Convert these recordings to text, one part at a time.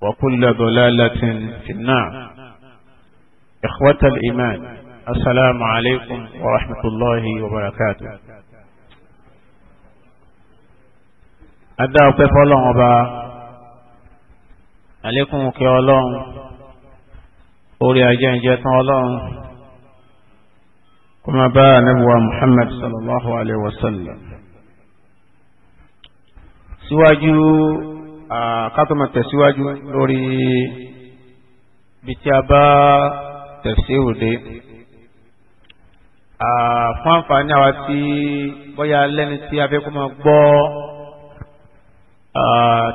وكل ضلالة في النار إخوة الإيمان السلام عليكم ورحمة الله وبركاته أدعو كيف الله وبا عليكم كي الله أولي أجان جاتنا الله كما با نبوة محمد صلى الله عليه وسلم سواجو kátọ́mọ tẹ̀síwájú lórí bí tí a bá tẹ̀síwò dé fún àǹfààní àwa tí bóyá lẹ́ni tí a fẹ́ kó máa gbọ́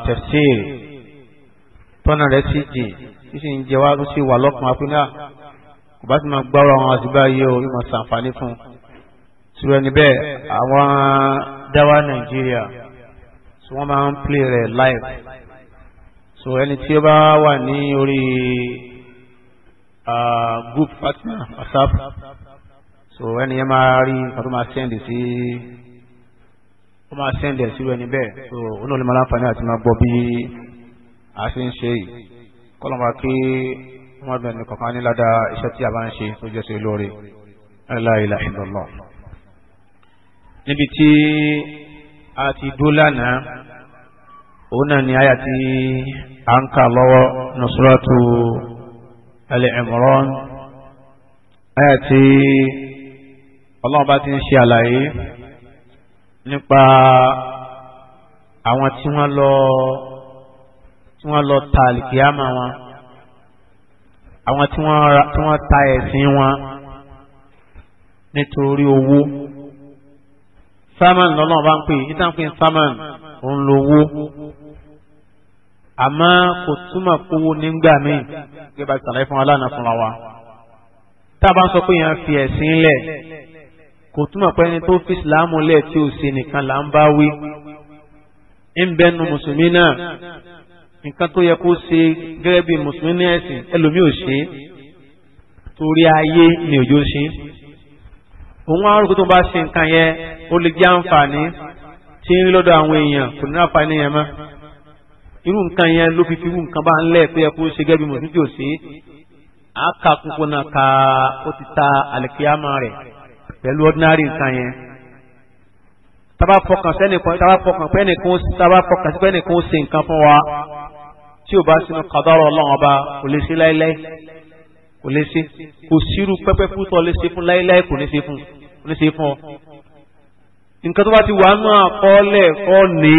tẹ̀síwò tọ́nà rẹ̀ sì jì tí sì ń jẹ wá tó sì wà lọ́kàn àfínà kò bá sì máa gbọ́rọ̀ àwọn àti báyìí o yóò máa fún un sùrọ̀ níbẹ̀ àwọn dáwà Nàìjíríà tí wọ́n máa ń play rẹ̀ live so ẹni tí ó bá wà ní orí ah, group partner whatsapp so ẹni yẹn máa rí nǹkan tó máa send sí ó máa send ẹ̀ sílùú ẹni bẹ́ẹ̀ so ó náà lè máa láǹfààní àti máa gbọ́ bí a ṣe ń ṣe yìí kọ́lọ́mà kí wọ́n bẹ̀rẹ̀ kọ̀ọ̀kan ní ládàá iṣẹ́ tí a bá ń ṣe tó jẹ́ sí olóore la ilaha níbi tí a ti dó lánàá òun náà ni àyà tí a ń kà lọ́wọ́ nusratu Ali Imran àyà tí ọlọ́run bá ti ń ṣe àlàyé nípa àwọn tí wọ́n lọ tí wọ́n lọ ta àlìkíyàmà wọn àwọn tí wọ́n ta ẹ̀sìn wọn nítorí owó sámán lọ́lọ́run bá ń pè ní táwọn pè ní sámán ń lówó àmọ́ kò túmọ̀ kówó nígbà míì gẹ́gẹ́ bá ṣàlàyé fún aláàánú fúnra wa tá a bá ń sọ pé yẹn fi ẹ̀sìn lẹ̀ kò túmọ̀ pé ẹni tó fi ìsìláàmù lẹ̀ tí ò ṣe nìkan là ń bá wí ń bẹnu mùsùlùmí náà nǹkan tó yẹ kó ṣe gẹ́gẹ́ bí mùsùlùmí ní ẹ̀sìn ẹlòmíì ò ṣe torí ayé ni òjò ṣe òun á rò tó bá ṣe nǹkan yẹn ó lè jẹ́ àǹfààní ṣe ń rí lọ́dọ̀ àwọn èèyàn kò ní àǹfààní yẹn mọ́ irú nǹkan yẹn ló fi fi irú nǹkan bá ń lẹ̀ pé ẹ ṣe gẹ́gẹ́ bí mùsùlùmí ò sí á ka kúkú náà ka ó ti ta àlìkíyàmá rẹ̀ pẹ̀lú ordinary nǹkan yẹn tábà fọkàn sẹ́nìkan tábà fọkàn pé tábà fọkàn sí ṣe nǹkan fún wa tí ò bá sínú kàdọ́rọ̀ ọlọ́run ọba kò lè ṣe láéláé kò lè ṣe kò sírú pẹ́pẹ́ fútọ́ lè ṣe fún láéláé kò ní ṣe fún ọ nǹkan tó bá ti wà nù àkọọ́lẹ̀ kọ́ ní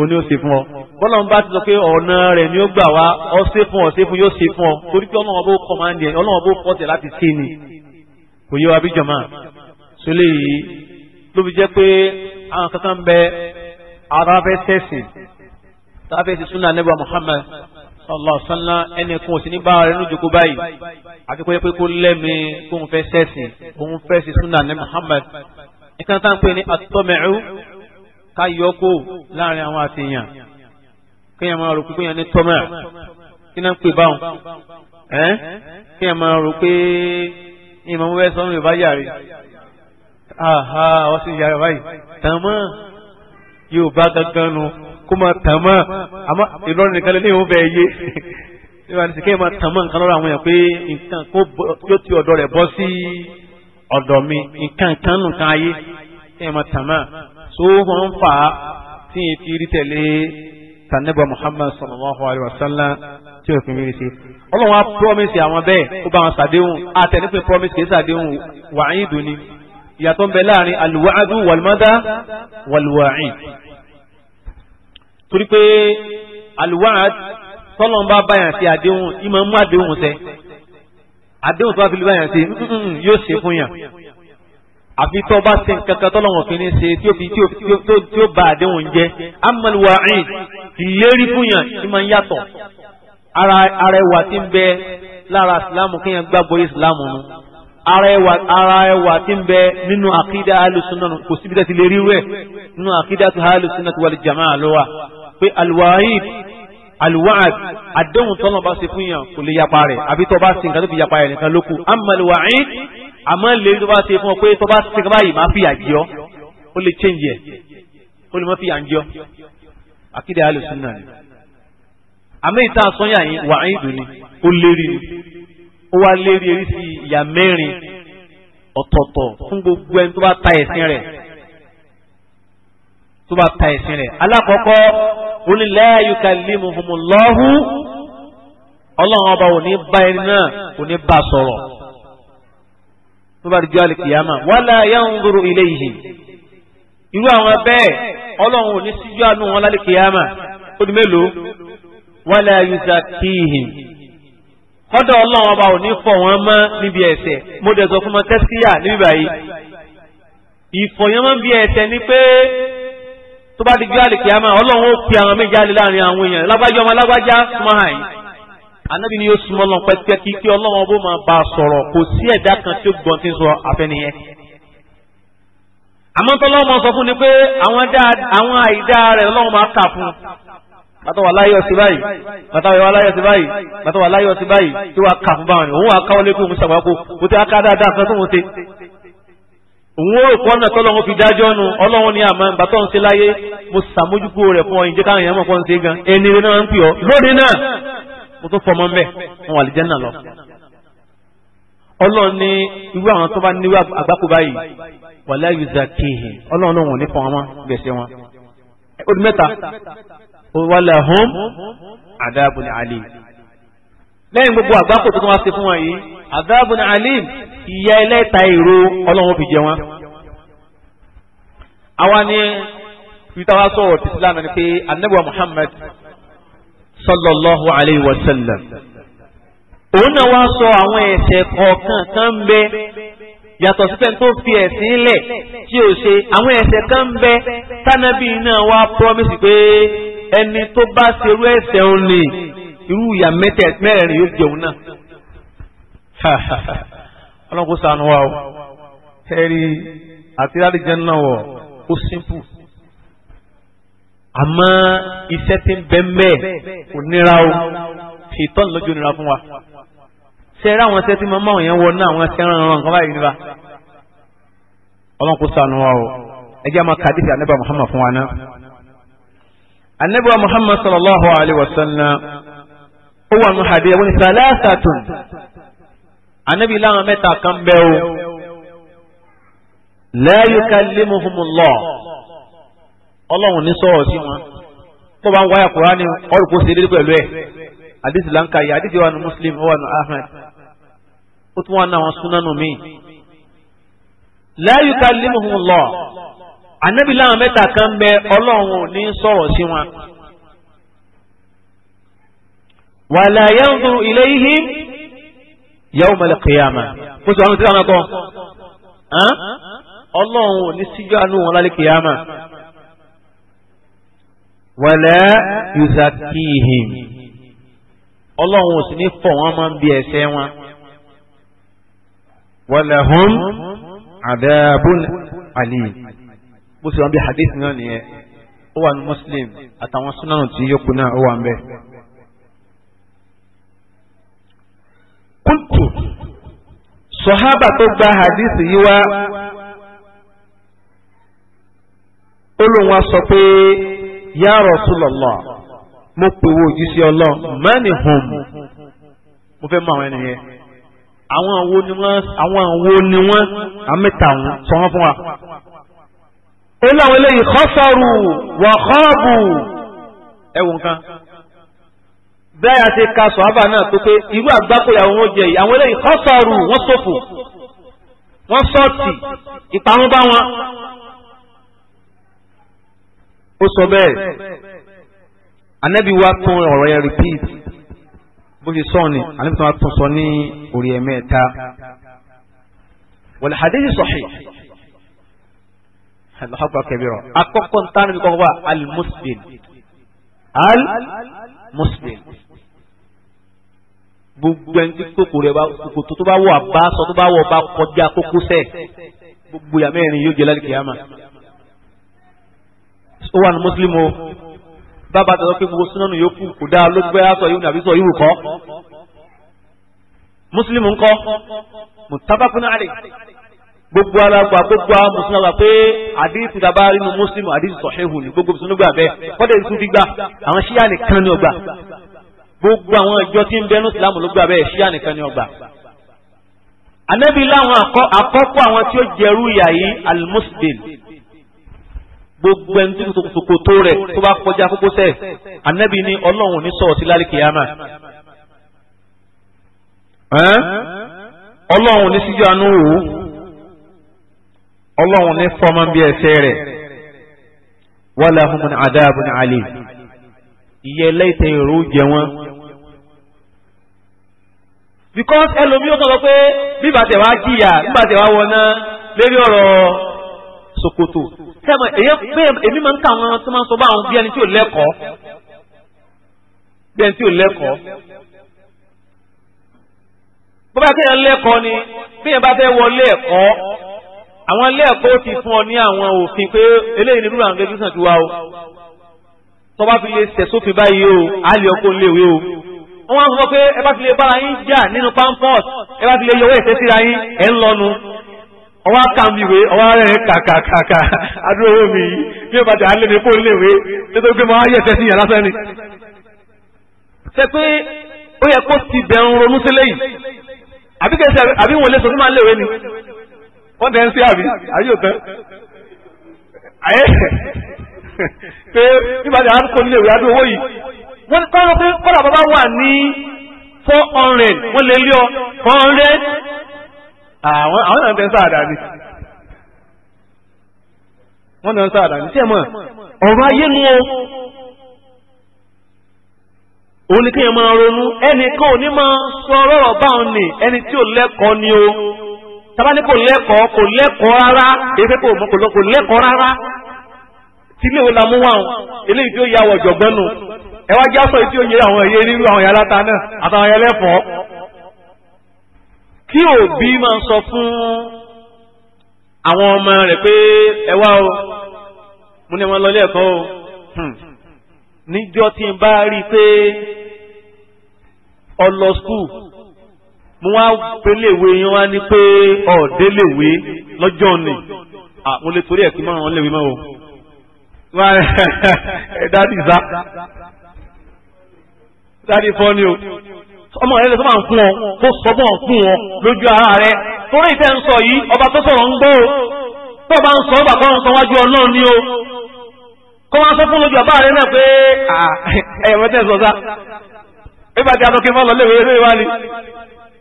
òní ó fún ọ bọ́lá ń bá ti sọ pé ọ̀nà rẹ̀ ni ó gbà wá ọ ṣe fún ọ ṣe fún yóò ṣe fún ọ torí pé ọlọ́wọ́n bó kọ́ máa ń dẹ̀ ọlọ́wọ́n bó kọ́ tẹ̀ láti ṣe ni kò yẹ wa bí jọ̀mọ́ sólè yìí ló fi jẹ́ pé àwọn kankan ń bẹ ara fẹ́ sẹ́sìn tá a fẹ́ ṣe súnà nebà Muhammad sallallahu alaihi wasallam ẹnìkan ò sí ní bára rẹ̀ ní ìjókòó báyìí àti kó yẹ pé kó lẹ́mìí kó ń fẹ́ sẹ́sìn Muhammad nǹkan tá ń pè ní àtọ́mẹ̀rú ká yọ kó láàrin àwọn àtìyàn kéèyàn máa rò pé kéèyàn ní tọ́mẹ̀ kí náà ń pè báwọn ẹ́ kéèyàn máa rò pé ìmọ̀ wẹ́ sọ́nù yorùbá yàrá àhà wọ́n sì yàrá báyìí tàmọ́ yorùbá gangan nu kó máa tàmọ́ àmọ́ ìlọrin nìkan lè ní ìhun bẹ́ẹ̀ yé nígbà tí kéèyàn máa tàmọ́ nǹkan lọ́rọ̀ àwọn èèyàn pé nǹkan kó yóò ti rẹ̀ bọ́ sí ọ̀dọ̀ mi nǹkan kan nù kan ayé ẹ̀ mọ̀ tàmá sóhùn ń fà á tí n ti rí tẹ̀lé sanẹ́bà Muhammad sallallahu alayhi wa sallam tí o fi mi rí sí. ọlọ́run á promise àwọn bẹ́ẹ̀ ó bá wọn sàdéhùn àtẹ̀lé pé promise kìí sàdéhùn wàáyé dùn ìyàtọ̀ ń bẹ láàrin alùwàádùn wàlmọ́dá wàlùwàáyé. torí pé alùwàád tọ́lọ́n bá sí àdéhùn ìmọ̀ mú àdéhùn sẹ́ àdéhùn tó bá fi lè báyàn ṣe yóò ṣe fún yàn àfi tó bá ṣe nǹkan kan tọ́lọ́wọ̀n fi ní ṣe tí ó ba àdéhùn jẹ́ amaluwa ẹ̀yìn ìlérí fún yàn ti máa ń yàtọ̀ ara ẹwà ti ń bẹ lára ìsìlámù kéèyàn gbàgbọ́ ìsìlámù nu ara ẹwà ara ẹwà ti ń bẹ nínú àkídá alùsùnà kò síbi tẹ́tí lè rí rẹ̀ nínú àkídá alùsùnà tó wà lè jàmáà lọ́wọ́ pé alùwàáyì alwaad àdéhùn tọ́lọ́ bá ṣe fún yàn kò lè yapa rẹ̀ àbí tọ́ bá ṣe nǹkan tó fi yapa rẹ̀ nìkan lókù amalwaid àmọ́ lè tó bá ṣe fún ọ pé tọ́ bá ṣe báyìí máa fi àjẹ ọ ó lè change ẹ̀ ó lè má fi àjẹ ọ àkídà alùsùnà ni àmì ìta sọ́yà yìí wàáyid ni ó lérí ni ó wá lérí eré sí ìyà mẹ́rin ọ̀tọ̀ọ̀tọ̀ fún gbogbo ẹni tó bá ta ẹ̀sìn rẹ̀ tó bá ta ẹ̀sìn rẹ̀ alákọ̀ọ́kọ́. ó ní la yukallimuhumullahu ọlọ́run ọba ò ní bá ẹni náà kò ní bá sọ̀rọ̀ wala yanzuru ilayhi irú àwọn bẹ́ẹ̀ ọlọ́run ò ní síjú àánú wọn wala yuzakkihim kọ́dọ̀ ọlọ́run ọba ò ní fọ̀ wọ́n mọ́ níbi ẹ̀ṣẹ̀ mo dẹ̀ sọ fún tẹ́síyà níbi báyìí ìfọ̀yọ́mọ́ bí tó bá di gbéyàlì kìámà ọlọ́run ó pe àwọn méjì alẹ́ láàrin àwọn èèyàn lágbájá ọmọ lágbájá súnmọ́ hàn yìí. anábì ni yóò súnmọ́ lọ pẹ́tẹ́ kí kí ọlọ́run ọbọ̀ máa bá a sọ̀rọ̀ kò sí ẹ̀dá kan tí ó gbọ́n ti sọ àfẹnìyẹn. àmọ́ tọ́lọ́ mọ sọ fún ni pé àwọn àìdá rẹ̀ ọlọ́run máa kà fún un. bàtà wà láyé ọtí báyìí bàtà láyé ọtí báyìí bàtà láyé ọtí báyìí òun rò pọ́n náà tọ́lọ́wọ́n fi dájọ́ nu ọlọ́wọ́n ní àmọ́ ìgbà tó ń ṣe láyé mo ṣàmójúkú rẹ̀ fún ọyìn jẹ́ káwọn èèyàn mọ̀ pọ́n ṣe gan ẹni rẹ̀ náà ń pè ọ́ lóde náà mo tó fọmọ jẹ́ náà lọ. ọlọ́run ní irú àwọn tó bá ní irú àgbákò báyìí wàlá kéhìn ọlọ́run náà ali lẹ́yìn gbogbo àgbákò tó tún wá sí fún wọn yìí azabun alim ìyà ẹlẹ́ta èrò ọlọ́run fi jẹ wọn. àwa ni peter wa sọ̀rọ̀ ti sílámù ni pé anabiwa muhammad sallallahu alayhi wa sallam òun náà wá sọ àwọn ẹ̀ṣẹ̀ kọ̀ọ̀kan kan bẹ yàtọ̀ sípẹ́ tó fi ẹ̀sìn lẹ̀ tí ò ṣe àwọn ẹ̀ṣẹ̀ kan bẹ tánàbí náà wá promise pé ẹni tó bá ṣerú ẹ̀ṣẹ̀ òun ni irú ìyà mẹ́rẹ̀ẹ̀rin yóò jẹun náà ọlọ́run kò sànù wa o tẹ́rí àti láti jẹ́ náà wọ̀ ó simple àmọ́ iṣẹ́ tí ń bẹ mẹ́ kò nira o ìtọ́nù lójú nira fún wa ṣe rí àwọn iṣẹ́ tí mo máa yẹn wọ náà àwọn ẹṣẹ́ ràn ràn kan báyìí nípa ọlọ́run kò sànù wa o ẹ jẹ́ àwọn kàdísì Muhammad fún wa náà anábà Muhammad sallallahu alayhi wa sallam. ó wà nù hadith wọn ni salasatun anabi láwọn mẹ́ta kan o la yukallimuhumullah Ọlọ́run ní sọ̀rọ̀ sí wọn kó bá ń wáyà Kùránì ọrùn kó ṣe déédéé pẹ̀lú àdìsí láǹkà yìí àdìsí Muslim ó wà Ahmed ó tún wà nù àwọn súnánù míì la yukallimuhumullah anabi láwọn wàlá yanzuru ilayhim yawmal qiyamah mo sì wà nù tí wọn kọ ọlọ́run ò ní síjú àánú wọn lálẹ́ kìyàmà wàlẹ́ yuzakihim ọlọ́run ò sì ní fọ̀ wọ́n máa ń bí ẹ̀ṣẹ̀ wọn walahum adabun alim bó sì wọ́n bí hadith náà nìyẹn ó wà ní muslim àtàwọn súnánù tí yókù náà ó wà ń bẹ́ẹ̀. kúntù sọ̀hábà tó gba hadith yìí wá olùwà sọ pé ya Rasulullah mo pèwò òjíṣẹ́ ọlọ́ mẹ́ni hùm mo fẹ́ mọ àwọn ẹnìyẹn àwọn àwo ni wọ́n àwọn àwo ni wọ́n àmẹ́ta wọn sọ wọ́n fún wa. ó láwọn eléyìí khasaru wa khabu ẹ̀wọ̀n kan bẹ́ẹ̀ àti ka sọ̀hábà náà tó pé irú àgbákòyàwó wọn jẹ yìí àwọn eléyìí kọ́ sọ̀rù wọ́n sòfò wọ́n sọ́ọ̀tì ìparun bá wọn. ó sọ bẹ́ẹ̀ anabi wa tún ọ̀rọ̀ yẹn repeat bó ṣe sọ ni anabi tún wa tún sọ ní orí ẹ̀mẹ́ta wal hadith sahih alhaqqa kabira akọ́kọ́ ntánibí kọ́kọ́ wa al-muslim al-muslim gbogbo ẹni tí kòkò rẹ̀ kòkòtò tó bá wọ̀ àbá sọ tó bá wọ̀ bá kọjá kókósẹ̀ gbogbo yàrá mẹ́rin yóò jẹ lálẹ́ kìyàmà. ó wà ní mùsùlùmí o bàbá àtàwọn pé gbogbo súnánù yòókù kò dáa ló gbé aṣọ yìí nàbí sọ yìí kọ́ mùsùlùmí ńkọ́ mùtábàkúnà àlè gbogbo alagba gbogbo a mùsùlùmí alagba pé àdìsí tàbá nínú mùsùlùmí àdìsí sọ̀hẹ́hùn ní gbogbo mùsùlùmí gbà bẹ́ẹ̀ kọ́dẹ̀ ìsúfi gbà àwọn ṣíyà nìkan gbogbo àwọn ìjọ tí ń bẹnu ìsìlámù ló gbà bẹ́ẹ̀ ṣíà nìkan ni ọgbà. ànábì láwọn àkọ́kọ́ àwọn tí ó jẹrú ìyà yìí almuslim gbogbo ẹni tí kòtò rẹ̀ tó bá kọjá kókósẹ̀ ànábì ní ọlọ́run ní sọ̀rọ̀ sí lálẹ́ kìyàmà. ọlọ́run ní síjú àánú wò ọlọ́run ní fọmọ bí ẹsẹ̀ rẹ̀ wàlá humun adabun alim ìyẹn lẹ́tẹ̀ẹ́ ìró jẹ wọn because ẹlòmíì ó kàn sọ pé bíbà tẹ̀ wá jìyà bíbà tẹ̀ wá wọná lérí ọ̀rọ̀ ṣòkòtò tẹ́mọ̀ èmi máa ń kà wọn tó máa ń sọ bá àwọn bí ẹni tí ò lẹ́kọ̀ọ́ bí ẹni tí ò lẹ́kọ̀ọ́ bó bá kéèyàn lẹ́kọ̀ọ́ ni kéèyàn bá fẹ́ wọlé ẹ̀kọ́ àwọn ilé ti fún ọ ní àwọn òfin pé eléyìí ni rúra àwọn gẹ́gẹ́ sàn ti wá o tó bá fi lè tẹ̀sófin báyìí o á lè ọkọ̀ léwe o wọ́n sọ pé ẹ bá ti lè bára yín jà nínú pampers ẹ bá ti lè yọwọ́ ẹ̀sẹ̀ síra yín ẹ̀ ń lọ́nu ọwọ́ akàmìwé ọwọ́ rẹ̀ kàkàkàkà adúró owó mi yìí bí ó bá jà á lé mi kó léwé nítorí pé mo á yẹ̀ ẹ̀sẹ̀ sí yàrá sẹ́ni. ṣe pé ó yẹ kó ti bẹ̀rù ronú sílẹ̀ yìí àbí kẹsẹ̀ àbí wọn lè sọ fún máa léwé ni wọ́n tẹ̀ ń sí àbí àyè òtán ayé pé bí bá kó léwé adúró owó yìí wọ́n ti kọ́ pé kọ́dà bàbá wà ní four hundred wọ́n lè lé ọ four hundred àwọn àwọn náà ń tẹ́ sáàdà ni wọ́n náà ń sáàdà ni sẹ́mọ̀ ọ̀rọ̀ ayé nu o òun ni kéèyàn máa ronú ẹnìkan ò ní máa sọ ọ̀rọ̀ báwọn ni ẹni tí ò lẹ́kọ̀ọ́ ni o tabani kò lẹ́kọ̀ọ́ kò lẹ́kọ̀ọ́ rárá efe kò mọ kò lẹ́kọ̀ọ́ rárá tí ilé ìwé la mú wá o eléyìí tí ó yà wọ̀ jọ̀gbọ́n nù ẹ wá jẹ́ aṣọ tí ó yẹ àwọn ẹ̀yẹ nírú àwọn ẹ̀yà aláta náà àtàwọn ẹ̀yà ẹlẹ́fọ̀ọ́ kí òbí máa sọ fún àwọn ọmọ rẹ̀ pé ẹ wá o mo ní wọn lọ ilé ẹ̀kọ́ o hmm. níjọ́ tí n bá rí i pé ọ lọ skul mo wá péléwé yẹn wá ní pé ọ̀ọ́dẹ́léwé lọ́jọ́ ni mo lè torí ẹ̀ kí n máa rán léwé mọ́ o dáadì zá sáré fọ́ ni o ọmọ rẹ lè sọ máa ń fún ọ kó sọ bọ́ fún ọ lójú ara rẹ torí ìfẹ́ ń sọ yìí ọba tó sọ̀rọ̀ ń gbọ́ o tó bá ń sọ ọba kọ́ ń sọ wájú ọlọ́run ni o kọ́ wá sọ fún lójú àbá rẹ náà pé ẹ̀yẹ̀ mẹ́tẹ́ sọ sá nígbà tí a lọ kí n bá lọ léwé eré wa ni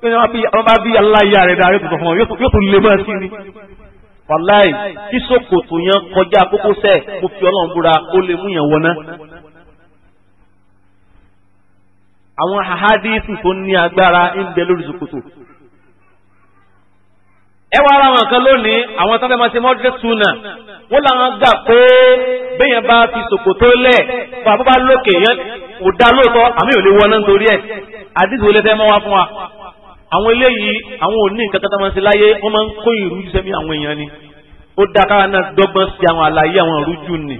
pé wọ́n bá bí aláya rẹ̀ dáa yóò tún sọ fún ọ yóò tún lè máa sí ni wàláì kí sókòtò yẹn kọjá kókósẹ̀ mo fi ọlọ́run búra ó lè mú yẹn wọná àwọn ahadíìsì tó ní agbára ń bẹ lórí ṣòkòtò ẹ wá ara wọn kan lónìí àwọn tó fẹ́ máa ṣe mọ́tò túnà wọ́n làwọn gbà pé bẹ́yẹn bá fi ṣòkòtò lẹ̀ fún àbúbá lókè yẹn kò dá lóòótọ́ àmì ò lè wọ náà nítorí ẹ̀ àdìsí olè fẹ́ mọ́ wá fún wa àwọn eléyìí àwọn ò nǹkan kan tó máa ṣe láyé wọ́n máa ń kó ìrújú sẹ́mi àwọn èèyàn ni ó dá káwa náà dọ́gbọ́n sí àwọn àlàyé àwọn ìrújú ni.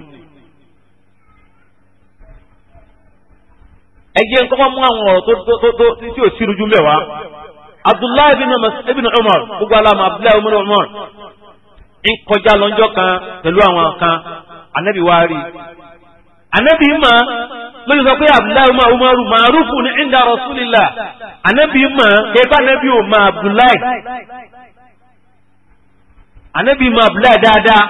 ẹ jẹ́ n kọ́kọ́ mú àwọn ọ̀rọ̀ tó tó tí ò sírú jù mẹ́wàá abdullahi ibn umar gbogbo alamu abdullahi ibn umar ń kọjá lọ́jọ́ kan pẹ̀lú àwọn kan anabi wa rí anabi ma lórí sọ pé abdullahi ma umaru maarufu ni inda rasulillah anabi ma kẹfà anabi o ma abdullahi anabi ma abdullahi dáadáa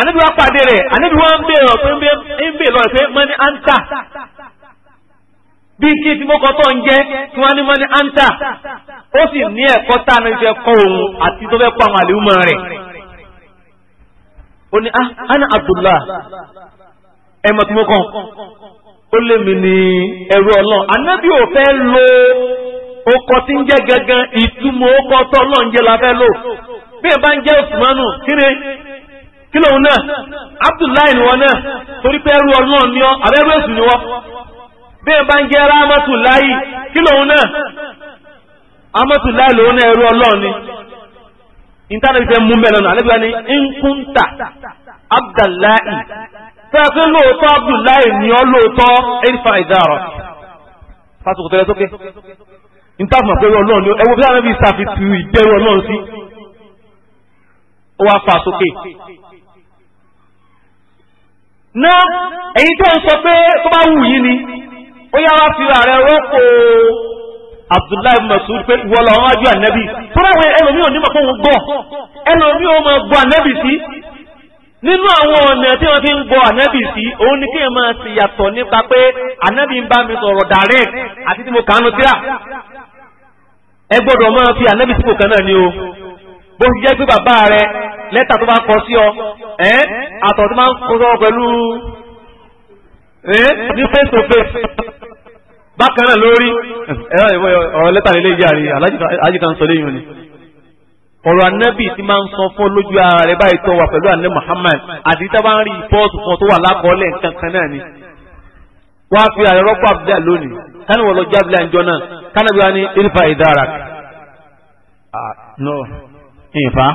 anabi wa pàdé rẹ̀ anabi wa ń bè lọ ń bè lọ pé mani anta. bí kí tí tó ń jẹ́ o wọ́n ní mọ́ ní anta ó sì ní ẹ̀kọ́ tá a ní fẹ́ kọ́ òun àti tó fẹ́ kọ́ àwọn àlèhùmọ́ rẹ̀ ó ní ah, ana mi gangan ìtumọ̀ tó ọlọ́run la fẹ́ lò bí ẹ bá ń òsùmánù ni kí lòun náà abdullahi ni wọn náà torí pé ẹrú ọlọ́run ni ọ èsù bí ẹ bá ń jẹ́ rámọ́tùláì kí lòun náà amọ́tùláì lòun náà ẹrú ọlọ́run ni ìtànàbí fẹ́ mú mẹ́lẹ̀ náà alẹ́bíwá ni nkúntà abdullahi fẹ́ pé lóòótọ́ abdullahi ni ọ́ lóòótọ́ ẹ̀rífà ìdárọ̀ fásitì tẹ̀lé sókè ìtàkùn àpẹẹrẹ ọlọ́run ni ẹwọ́ bí wọ́n fi ṣàfihàn ìdẹ́rù ọlọ́run sí ó wá fà sókè náà èyí tó ń sọ pé tó bá wù yín ni ó yá wá fi ààrẹ rọ́pò abdullahi masud pé ìwọ lọ wájú ànábì fúnráwé ẹlòmíì ò ní mọ̀ pé òun gbọ́ ẹlòmíì ò mọ̀ gbọ́ ànábì sí nínú àwọn ọ̀nà tí wọ́n fi ń gbọ́ ànábì sí òun ni kéèyàn máa ti yàtọ̀ nípa pé ànábì ń bá mi sọ̀rọ̀ direct àti tí mo kà á nu tíra ẹ gbọ́dọ̀ máa fi ànábì sípò kan náà ni o bó ti jẹ́ pé bàbá rẹ lẹ́tà tó bá kọ sí ọ ẹ́ àtọ̀ tó máa ń kọ sọ pẹ̀lú Eh? Eh? ní face to face bákan náà lórí ọ̀rọ̀ lẹ́tà lélẹ́ ìyá rẹ̀ alájìká ń sọ ni ọ̀rọ̀ anábì máa ń sọ fún lójú ara rẹ̀ báyìí tó wà pẹ̀lú ń rí kan tó wà lákọọ́lẹ̀ nǹkan kan náà ni wọ́n á fi lónìí kánú wọ́n lọ náà kánú bí wọ́n ní ìdára. ìfà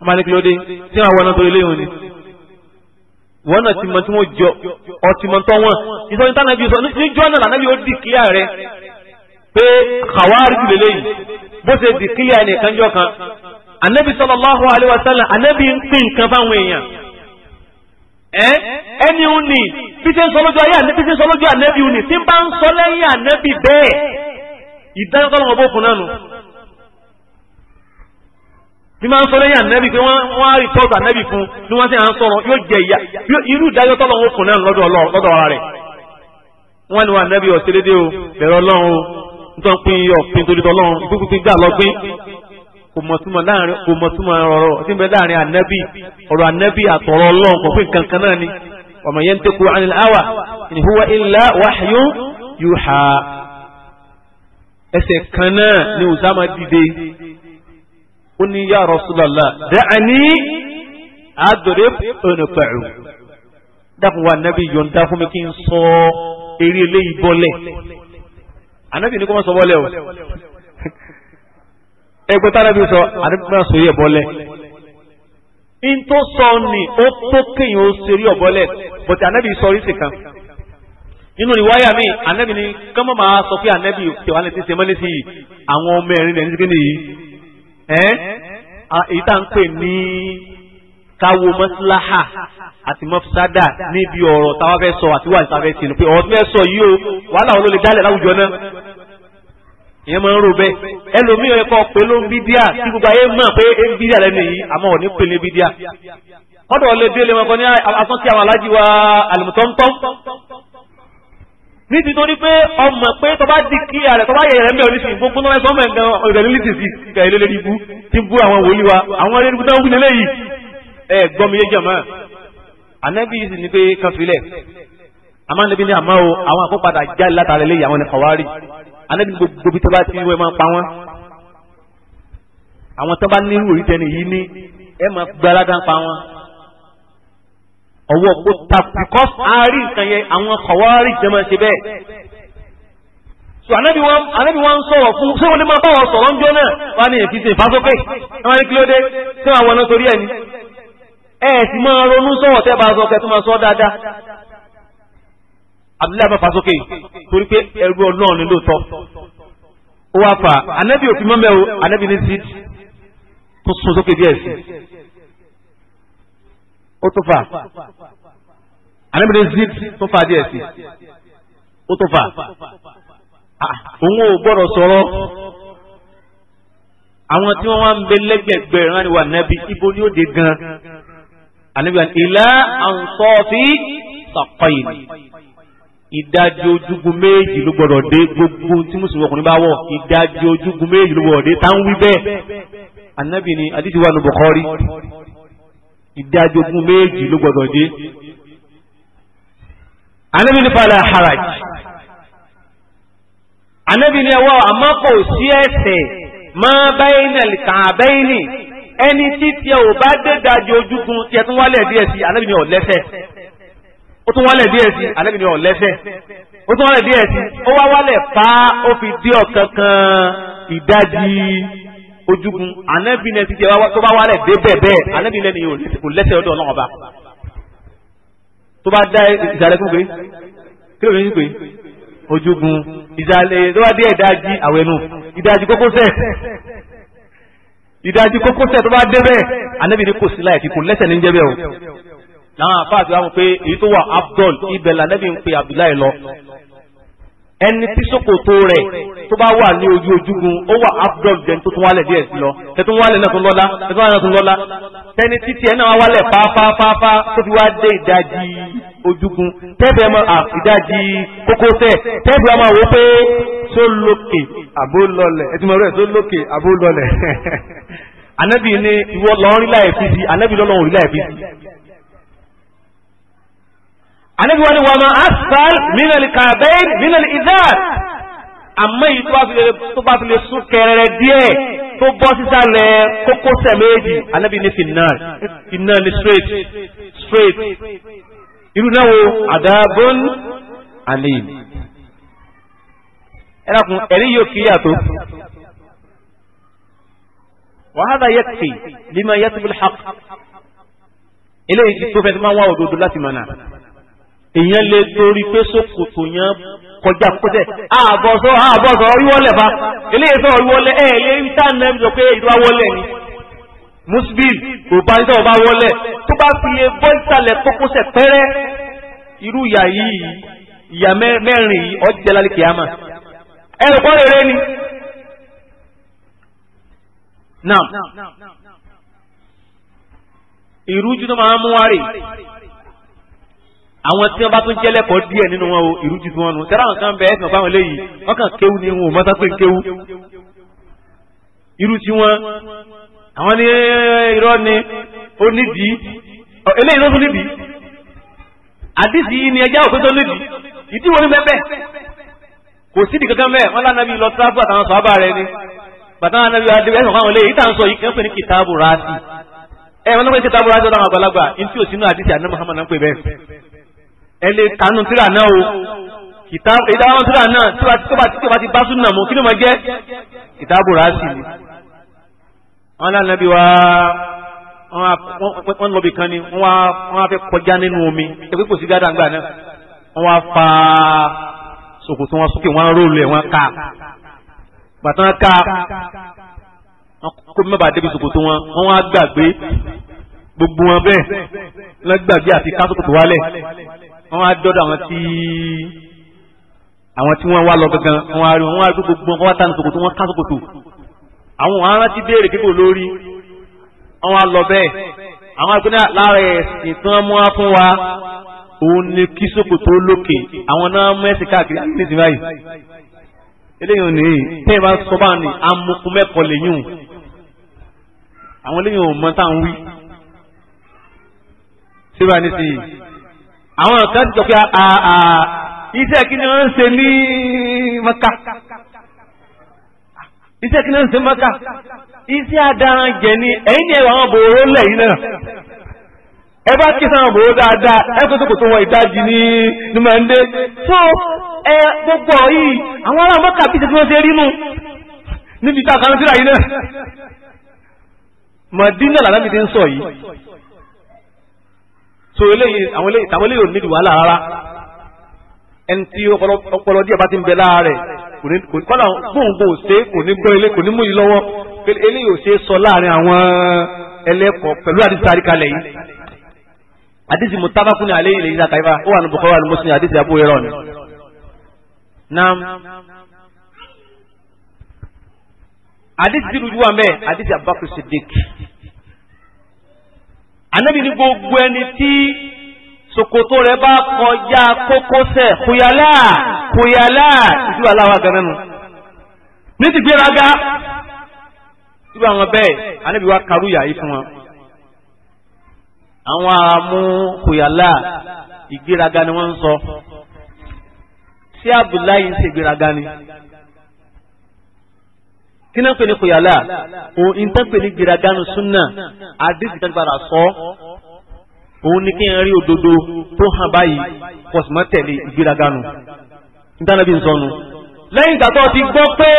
ọmọ kí ló dé tí náà ni. wọn náà ti mọ tí wọn jọ ọtí mọ tọ wọn ìsọyìn tá nàbí sọ níjọ náà lànàbí ó di kílíà rẹ pé kàwárí jù lélẹyìn bó ṣe di kílíà nìkan jọ kan anabi sallallahu alaihi wasallam anabi ń pín nǹkan fáwọn èèyàn ẹ ẹni ń nì bí ṣe ń sọ lójú ayé ànábi ṣe ń sọ lójú ànábi ń nì tí ń bá ń sọ lẹ́yìn ànábi bẹ́ẹ̀ ìdájọ́ tọ́lọ́mọ bó fún náà nù bí máa ń sọ lẹ́yìn ànábì pé wọ́n á rí tọ́jú ànábì fún ni wọ́n sì à ń sọ̀rọ̀ yóò jẹ ìyá irú ìdájọ́ tọ́lọ̀ ń fún náà lọ́dọ̀ ara rẹ̀ wọ́n ní wọn ànábì ọ̀sẹ̀ dédé o bẹ̀rẹ̀ ọlọ́run o nítorí pin ọ̀pin torí tọ́lọ́run ìgbókùnpin gbà lọ́gbìn kò mọ̀túmọ̀ láàrin kò mọ̀túmọ̀ ọ̀rọ̀ tí ń bẹ láàrin ànábì ọ̀rọ̀ ó ní yá Rasulullah da'ani adrib unqa'u dákun wa nábì yọ̀ǹda fún mi kí n sọ eré eléyìí bọ́lẹ̀ ànábì ní kó má sọ bọ́lẹ̀ o ẹgbẹ́ tánábì sọ ànábì má sọ yẹ bọ́lẹ̀ in tó sọ ni ó tó kéèyàn ó ṣe rí ọ̀bọ́lẹ̀ bọ̀tẹ̀ ànábì sọ orí sìkan nínú ìwáyà mi ànábì ni kọ́mọ́ máa sọ pé ànábì tẹ̀wá lẹ́sìn ṣe mọ́lẹ́sìn àwọn ọmọ ẹ̀rin lẹ́ni sí kí nìyí èyí tá à ń pè ní káwo mọ́síláhà àti mọ́fisádà níbi ọ̀rọ̀ táwa fẹ́ sọ àti wàhálà táwa fẹ́ sinu pé ọ̀rọ̀ tí wọ́n sọ yìí o wàhálà wọn ló lè dálẹ̀ láwùjọ náà ìyẹn máa ń rò bẹ́ẹ̀ ẹlòmíràn ẹ̀kọ́ pé ló ń bídíà tí gbogbo ayé mọ̀ pé ń bídíà lẹ́nu yìí àmọ́ òní pè ní bídíà ọ̀dọ̀ lè délé wọn kan ní asán sí àwọn alájí wa àlùmọ̀tọ́ntọ́n ní ti torí pé ọmọ pé tọba dì kí ààrẹ tọba yẹ ẹrẹ mẹ́rin sí gbogbo náà ẹsọ mẹ́rin gan ọ̀rẹ́lẹ́ lè tèsí ìkà ilé lórí ibú tí ń bú àwọn wòlíì wa àwọn ọ̀rẹ́ ibú táwọn wílé lẹ́yìn ẹ gbọ́mi yé jọ̀mọ́ ànábì yìí sì ni pé kan filẹ̀ àmọ́ níbi ní àmọ́ o àwọn àkópadà já látara lẹ́yìn àwọn ẹ̀kọ́wárì ànábì gbogbo bí tọba ti wọ́n máa pa wọ́n àwọn tọba nírú òrítẹ́ni yìí ní ẹ máa gbáradá pa wọ́n ọwọ́ kó takùkọ́ àárín nǹkan yẹn àwọn kọ̀wárì jẹ́ máa ṣe bẹ́ẹ̀. so anábì wọn anábì wọn ń sọ̀rọ̀ fún ṣé wọn ní máa bá wọn sọ̀rọ̀ ń jọ náà wọn á ní èsì ṣe ìfásókè ẹ wọn ní kí ló dé ṣé wọn àwọn náà torí ẹ ní. ẹ sì máa ronú sọ̀rọ̀ tẹ́ bá a sọ kẹ́ tó máa sọ dáadáa. abdullahi bá fasókè torí pé ẹrú ọlọ́run ni lóòótọ́ ó wá fà anábì òfin mọ́mẹ́ o anábì ní ó tún fà ànábìrin zip tún fà díẹ̀ sí ó tún fà òun ò gbọ́dọ̀ sọ̀rọ̀ àwọn tí wọ́n wá ń bẹ lẹ́gbẹ̀gbẹ̀ ìran ni wà nábì ibo ni ó de gan ànábìrin ìlà ànsọ́ọ̀fì sàkọ́yìn ìdajì ojúgun méjì ló gbọ́dọ̀ dé gbogbo tí mùsùlùmí ọkùnrin bá wọ̀ ìdajì ojúgun méjì ló gbọ́dọ̀ dé táwọn wí bẹ́ẹ̀ ànábìrin adídìwà nù Bukhari ìdájogún méjì ló gbọdọ̀ jẹ́ anabi ní fala haraj anabi ní ẹwọ́ àmọ́ kò sí ẹsẹ̀ máa báyìí nà kàn báyìí nì ẹni tí tiẹ̀ ò bá dé dájú ojúgun tiẹ̀ tún wálẹ̀ díẹ̀ sí anabi ní ọ̀lẹ́sẹ̀ ó tún wálẹ̀ díẹ̀ sí anabi ní ọ̀lẹ́sẹ̀ ó tún wálẹ̀ díẹ̀ sí ó wá wálẹ̀ pa ó fi dé ọ̀kankan ìdajì ojúgun anabi náà ti jẹ tó bá wálẹ̀ dé bẹ́ẹ̀ bẹ́ẹ̀ anabi náà nìyẹn kò lẹ́sẹ̀ ọdún ọlọ́run ọba tó bá dá ìdálẹ́ fún pé kí ló ń pè ojúgun ìdálẹ́ eh, tó bá dé ìdájí àwẹ̀nù ìdájí kókósẹ̀ ìdájí kókósẹ̀ tó bá dé bẹ́ẹ̀ anabi ní kò sí láyé kí kò lẹ́sẹ̀ ní jẹ́ bẹ́ẹ̀ o làwọn àfáàtì wa mọ̀ pé èyí tó wà Abdul ibẹ̀ lànàbì ń pe Abdullahi lọ ẹni tí ṣòkòtò tó bá wà ní ojú ojúgun ó wà abdul den tó tún wálẹ̀ díẹ̀ sí lọ tẹ̀tún wálẹ̀ náà tún lọ́lá tẹ̀tún wálẹ̀ náà tún lọ́lá tẹni títí ẹ̀ náà wálẹ̀ fáfáfáfá tó fi wá dé ìdajì ojúgun tẹ́ẹ̀bù ẹ̀ máa ìdajì kókósẹ̀ tẹ́ẹ̀bù ẹ̀ máa wò pé tó lókè àbó lọlẹ̀ ẹ̀ tí mo rẹ̀ tó lókè àbó lọlẹ̀ anabi ni ìwọ lọ́ọ́ láì fi si anabi lọ́lọ́run rí láì fi si anabi wọn ni wàá asfal minal kàbẹ́ẹ̀ minal izar àmọ́ èyí tó bá fi lè sún kẹrẹrẹ díẹ̀ tó bọ́ sísàlẹ̀ kókósẹ̀ méjì anábì ní finnar finnar ní straight straight irú náà wo àdàbọ̀n àlèyìn ẹ̀rọ̀kùn ẹ̀rí yóò kí yàtọ̀ wàhálà yẹ́kì lima yẹ́tùbí hàk eléyìí tó fẹ́ tó máa wá òdodo láti mọ̀nà èèyàn lè torí pé sókòtò yẹn kọjá kókósẹ̀ àbọ̀sọ àbọ̀sọ oríwọ́lẹ̀ bá eléyìí sọ oríwọ́lẹ̀ ẹ̀ lérí tá nà pé ìlú awọ́lẹ̀ ni musbil kò bá ní sọ̀rọ̀ bá wọlẹ̀ tó bá fi lè e bọ́ ìsàlẹ̀ kókósẹ̀ pẹ́rẹ́ irú ìyà yìí ìyà mẹ́rin yìí ọ̀jẹ̀ lálẹ́ kìámà ẹ̀rọ rere ni. Now, ìrújú tó máa ń mú wá rè àwọn tí wọn bá tún jẹ́ lẹ́kọ̀ọ́ díẹ̀ nínú wọn o ìrújú tí wọn nu tẹ́lá àwọn kan bẹ ẹ̀sìn ọ̀pá wọn léyìí wọn kàn kéwu ni wọn ò pé kéwu irú tí wọn àwọn ní eh, irọ́ ni ó nídìí eléyìí ló tún nídìí àdìsí yìí ni ẹjẹ́ òfin tó nídìí ìdí wọn ní bẹ́ẹ̀ bẹ́ẹ̀ kò sídìí kankan bẹ́ẹ̀ wọn lánàá bí lọ sábà àtàwọn sọ́ọ́bà rẹ ni bàtà wọn lánàá bí adébẹ́ ẹ̀sìn ọ̀pá wọn léyìí ìtàn sọ yìí kẹ́ńpẹ́ ní kìtàbù rásì ẹ̀ wọn lọ́pẹ́ kìtàbù rásì ọ̀dọ̀ ẹ lè kanú tíra náà o kìtàbù ìdáhùn tíra náà tí wọ́n bá ti bá súnà mú kí ló máa jẹ́ kìtàbù rásì ni. wọ́n lánàá bí wá wọ́n lọ bí kan ni wọ́n wá fẹ́ kọjá nínú omi ẹgbẹ́ kò sí gádà ńgbà náà wọ́n wá fa ṣòkòtò wọn sókè wọ́n róòlù ẹ̀ wọ́n ká bàtà ká wọ́n kó mẹ́bàá débi ṣòkòtò wọn wọ́n wá gbàgbé gbogbo wọn bẹ́ẹ̀ wọ́n gbàgbé àti kásòkòtò wálẹ̀ wọ́n á dọ́dọ̀ àwọn tí àwọn tí wọ́n wá lọ gangan wọ́n á rí wọ́n á rí gbogbo wọn wá tánu sòkòtò wọ́n kásòkòtò àwọn arántí béèrè kíkò lórí wọ́n á lọ bẹ́ẹ̀ àwọn àgbẹ̀dẹ lára ẹ̀sìn tí wọ́n mú wá fún wa òun ni kí sòkòtò lókè àwọn náà mẹ́sì káàkiri àti nísìnyí báyìí eléyìí ò ní bá sọ báwọn ni amukun lè yún àwọn eléyìí ò mọ táwọn wí síbà nísìnyí àwọn kan ti sọ pé iṣẹ́ kí ni wọ́n ń ṣe ní maka iṣẹ́ kí ni wọ́n ń ṣe maka iṣẹ́ adaran jẹ ni ẹ̀yin ni ẹ̀rọ àwọn bòrò lẹ́yìn náà ẹ bá kí sáwọn bòrò dáadáa ẹ kó sókòtò wọn ìdajì ní ní mande so ẹ gbogbo yìí àwọn ará maka bí iṣẹ́ ṣe rí nu níbi tá a kan síra yìí náà Madina làlámi ń sọ yìí so eléyìí àwọn eléyìí tàwọn eléyìí ò nídìí wàhálà rárá ẹni tí ọpọlọ díẹ̀ bá ti ń bẹ lára rẹ̀ kò ní kọ́lá gbòǹgbò ṣe kò ní gbọ́ ilé kò ní mú yìí lọ́wọ́ eléyìí ò ṣe é sọ láàrin àwọn ẹlẹ́kọ̀ọ́ pẹ̀lú àdìsí àríkalẹ̀ yìí àdìsí mutabakuni alẹ́ ilẹ̀ yìí àkàyẹ́fà ó wà ní Bukhari wà ní Muslim àdìsí abúlé rọ̀ ni. naam àdìsí ti wa mẹ́ àdìsí Abubakar Siddiq ànábì ní gbogbo ẹni tí ṣòkòtò rẹ̀ bá kọjá kókósẹ̀ kuyala kùyàlá ìdí wà láwa gan nínú ní ti gbéraga irú àwọn bẹ́ẹ̀ ànábì wa karúyà yìí fún wọn àwọn amú kùyàlá ìgbéraga ni wọ́n ń sọ sí Abdullahi ń ṣègbéraga ni kí náà ń pè ní kòyàlà òun ìtàn pè ní gíraganu súnà àdéhùn ìtàgbàrà sọ òun ni kí n rí òdodo tó hàn báyìí pọ̀sùmọ́ tẹ̀lé ìgbéraganu nítorí bí n sọnu. lẹ́yìn ìgbà tó ti gbọ́ pé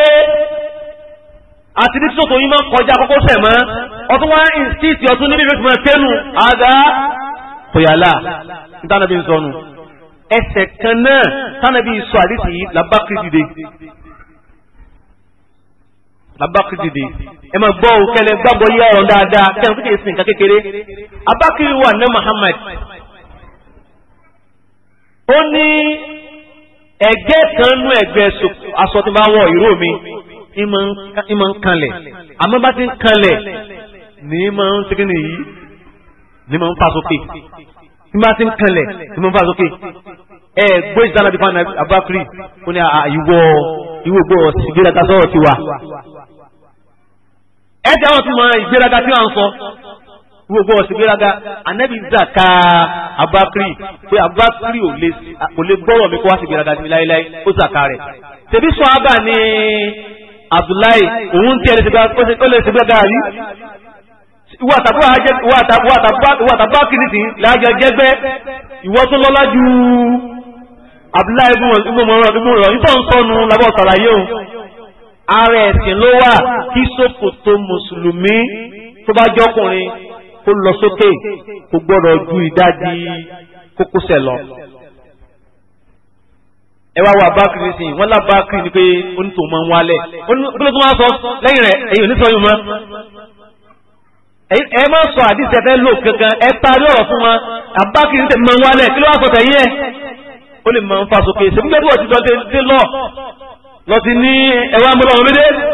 àti nítorí tó yín máa kọjá kókó sẹ̀ mọ́ ọtún wá ìsíìsì ọtún níbi ìrètí máa tẹnu àgá kòyàlà nítorí bí n ẹsẹ̀ kan náà tánàbí sọ àdìsí yìí làbá kìrìtìdè Abubakar dìde ẹ máa gbọ́ o kẹlẹ gbàgbọ́ yí ọ̀rọ̀ dáadáa kẹlẹ kó tẹ̀ nǹkan kékeré Abubakar wà ní Muhammad ó ní ẹgbẹ́ kan nú ẹgbẹ́ aṣọ tí bá wọ ìró mi ìmọ̀ ń kanlẹ̀ àmọ́ bá ti ń kanlẹ̀ ní mọ̀ ń segin nìyí ní mọ̀ ń fa sókè ní bá ti ń kanlẹ̀ ní mọ̀ ń fa sókè ẹ gbé ìdáná fún Abubakar ó ní àyíwọ́ ìwé gbọ́ ọ̀sìn gbé sọ̀rọ̀ ti wà ẹ jẹ́ àwọn tó mọ ìgbéraga tí wọ́n ń sọ gbogbo ọ̀sìn gbéraga anabi zaka abakiri pé abakiri kò lè gbọ́rọ̀ mi kó wá sí gbéraga sí mi láéláé ó zaka rẹ̀ tẹ̀bí sọ abà ní abdullahi òun tí ẹni ó lè ṣe gbéraga rí ìwọ àtàbákiri sí láàjọ jẹgbẹ́ ìwọ tó lọ́lá ju abdullahi gbọ́mọ̀rọ̀ nítorí sọnù lábọ́ sàlàyé òun ara ẹ̀sìn ló wà kí ṣòkòtò mùsùlùmí tó bá jọkùnrin kó lọ sókè kó gbọ́dọ̀ ju ìdajì kókósẹ̀ lọ. ẹ wá wo abakiri nísìnyí wọn lábàkiri ni pé onítò máa ń wálẹ̀ onígbọ́dọ̀ tó máa sọ lẹ́yìn rẹ̀ ẹ̀yìn onítọ̀ yìí mọ́. ẹ má sọ àdìsẹ fẹ́ lò kankan ẹ parí ọ̀rọ̀ fún wọn abakiri nísìnyí máa ń wálẹ̀ kí ló wá sọ tẹ̀yìn ẹ̀ ó lè máa ń fa sókè ṣèkúndé bí wọ́n ti sọ lọ sí ní ẹwà mọ́lá ọmọ méjèèjì